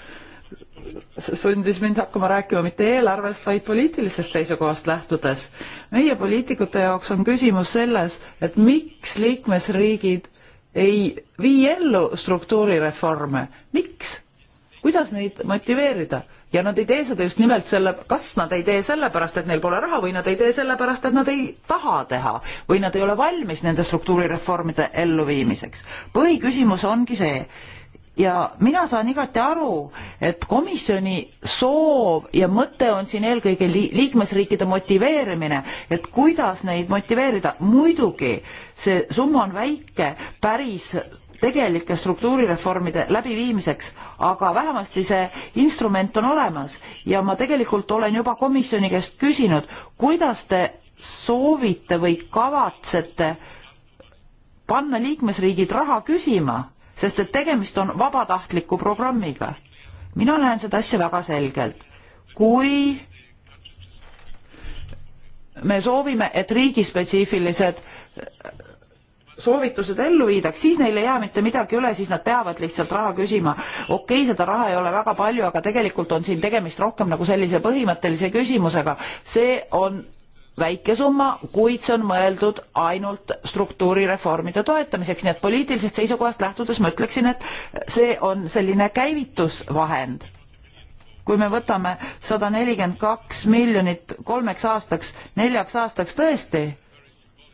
sundis mind hakkama rääkima mitte eelarvest, vaid poliitilisest seisukohast lähtudes. meie poliitikute jaoks on küsimus selles, et miks liikmesriigid ei vii ellu struktuurireforme, miks, kuidas neid motiveerida ja nad ei tee seda just nimelt selle, kas nad ei tee sellepärast, et neil pole raha või nad ei tee sellepärast, et nad ei taha teha või nad ei ole valmis nende struktuurireformide elluviimiseks. põhiküsimus ongi see, ja mina saan igati aru, et komisjoni soov ja mõte on siin eelkõige liikmesriikide motiveerimine, et kuidas neid motiveerida. muidugi see summa on väike päris tegelike struktuurireformide läbiviimiseks, aga vähemasti see instrument on olemas ja ma tegelikult olen juba komisjoni käest küsinud, kuidas te soovite või kavatsete panna liikmesriigid raha küsima sest et tegemist on vabatahtliku programmiga. mina näen seda asja väga selgelt. kui me soovime, et riigispetsiifilised soovitused ellu viidaks, siis neil ei jää mitte midagi üle, siis nad peavad lihtsalt raha küsima. okei okay,, seda raha ei ole väga palju, aga tegelikult on siin tegemist rohkem nagu sellise põhimõttelise küsimusega. see on väike summa, kuid see on mõeldud ainult struktuurireformide toetamiseks, nii et poliitilisest seisukohast lähtudes ma ütleksin, et see on selline käivitusvahend. kui me võtame sada nelikümmend kaks miljonit kolmeks aastaks, neljaks aastaks tõesti,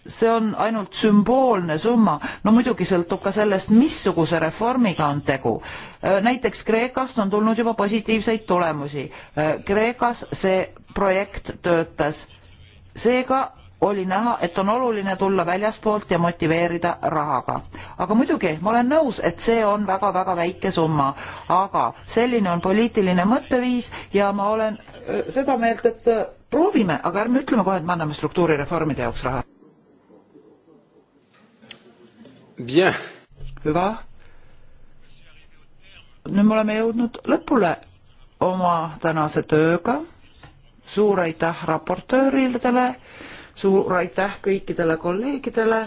see on ainult sümboolne summa, no muidugi sõltub ka sellest, missuguse reformiga on tegu. näiteks Kreekast on tulnud juba positiivseid tulemusi. Kreekas see projekt töötas seega oli näha, et on oluline tulla väljaspoolt ja motiveerida rahaga. aga muidugi, ma olen nõus, et see on väga-väga väike summa, aga selline on poliitiline mõtteviis ja ma olen äh, seda meelt, et äh, proovime, aga ärme ütleme kohe, et me anname struktuurireformide jaoks raha. hüva. nüüd me oleme jõudnud lõpule oma tänase tööga suur aitäh raportööridele, suur aitäh kõikidele kolleegidele,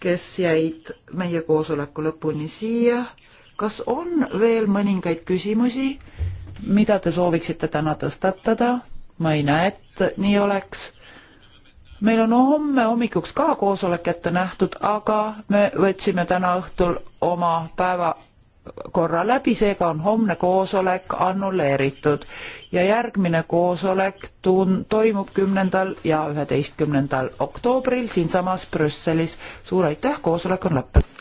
kes jäid meie koosoleku lõpuni siia. kas on veel mõningaid küsimusi, mida te sooviksite täna tõstatada? ma ei näe, et nii oleks meil on homme hommikuks ka koosolek ette nähtud, aga me võtsime täna õhtul oma päeva korra läbi, seega on homne koosolek annuleeritud ja järgmine koosolek tuun, toimub kümnendal ja üheteistkümnendal oktoobril siinsamas Brüsselis. suur aitäh, koosolek on lõppenud.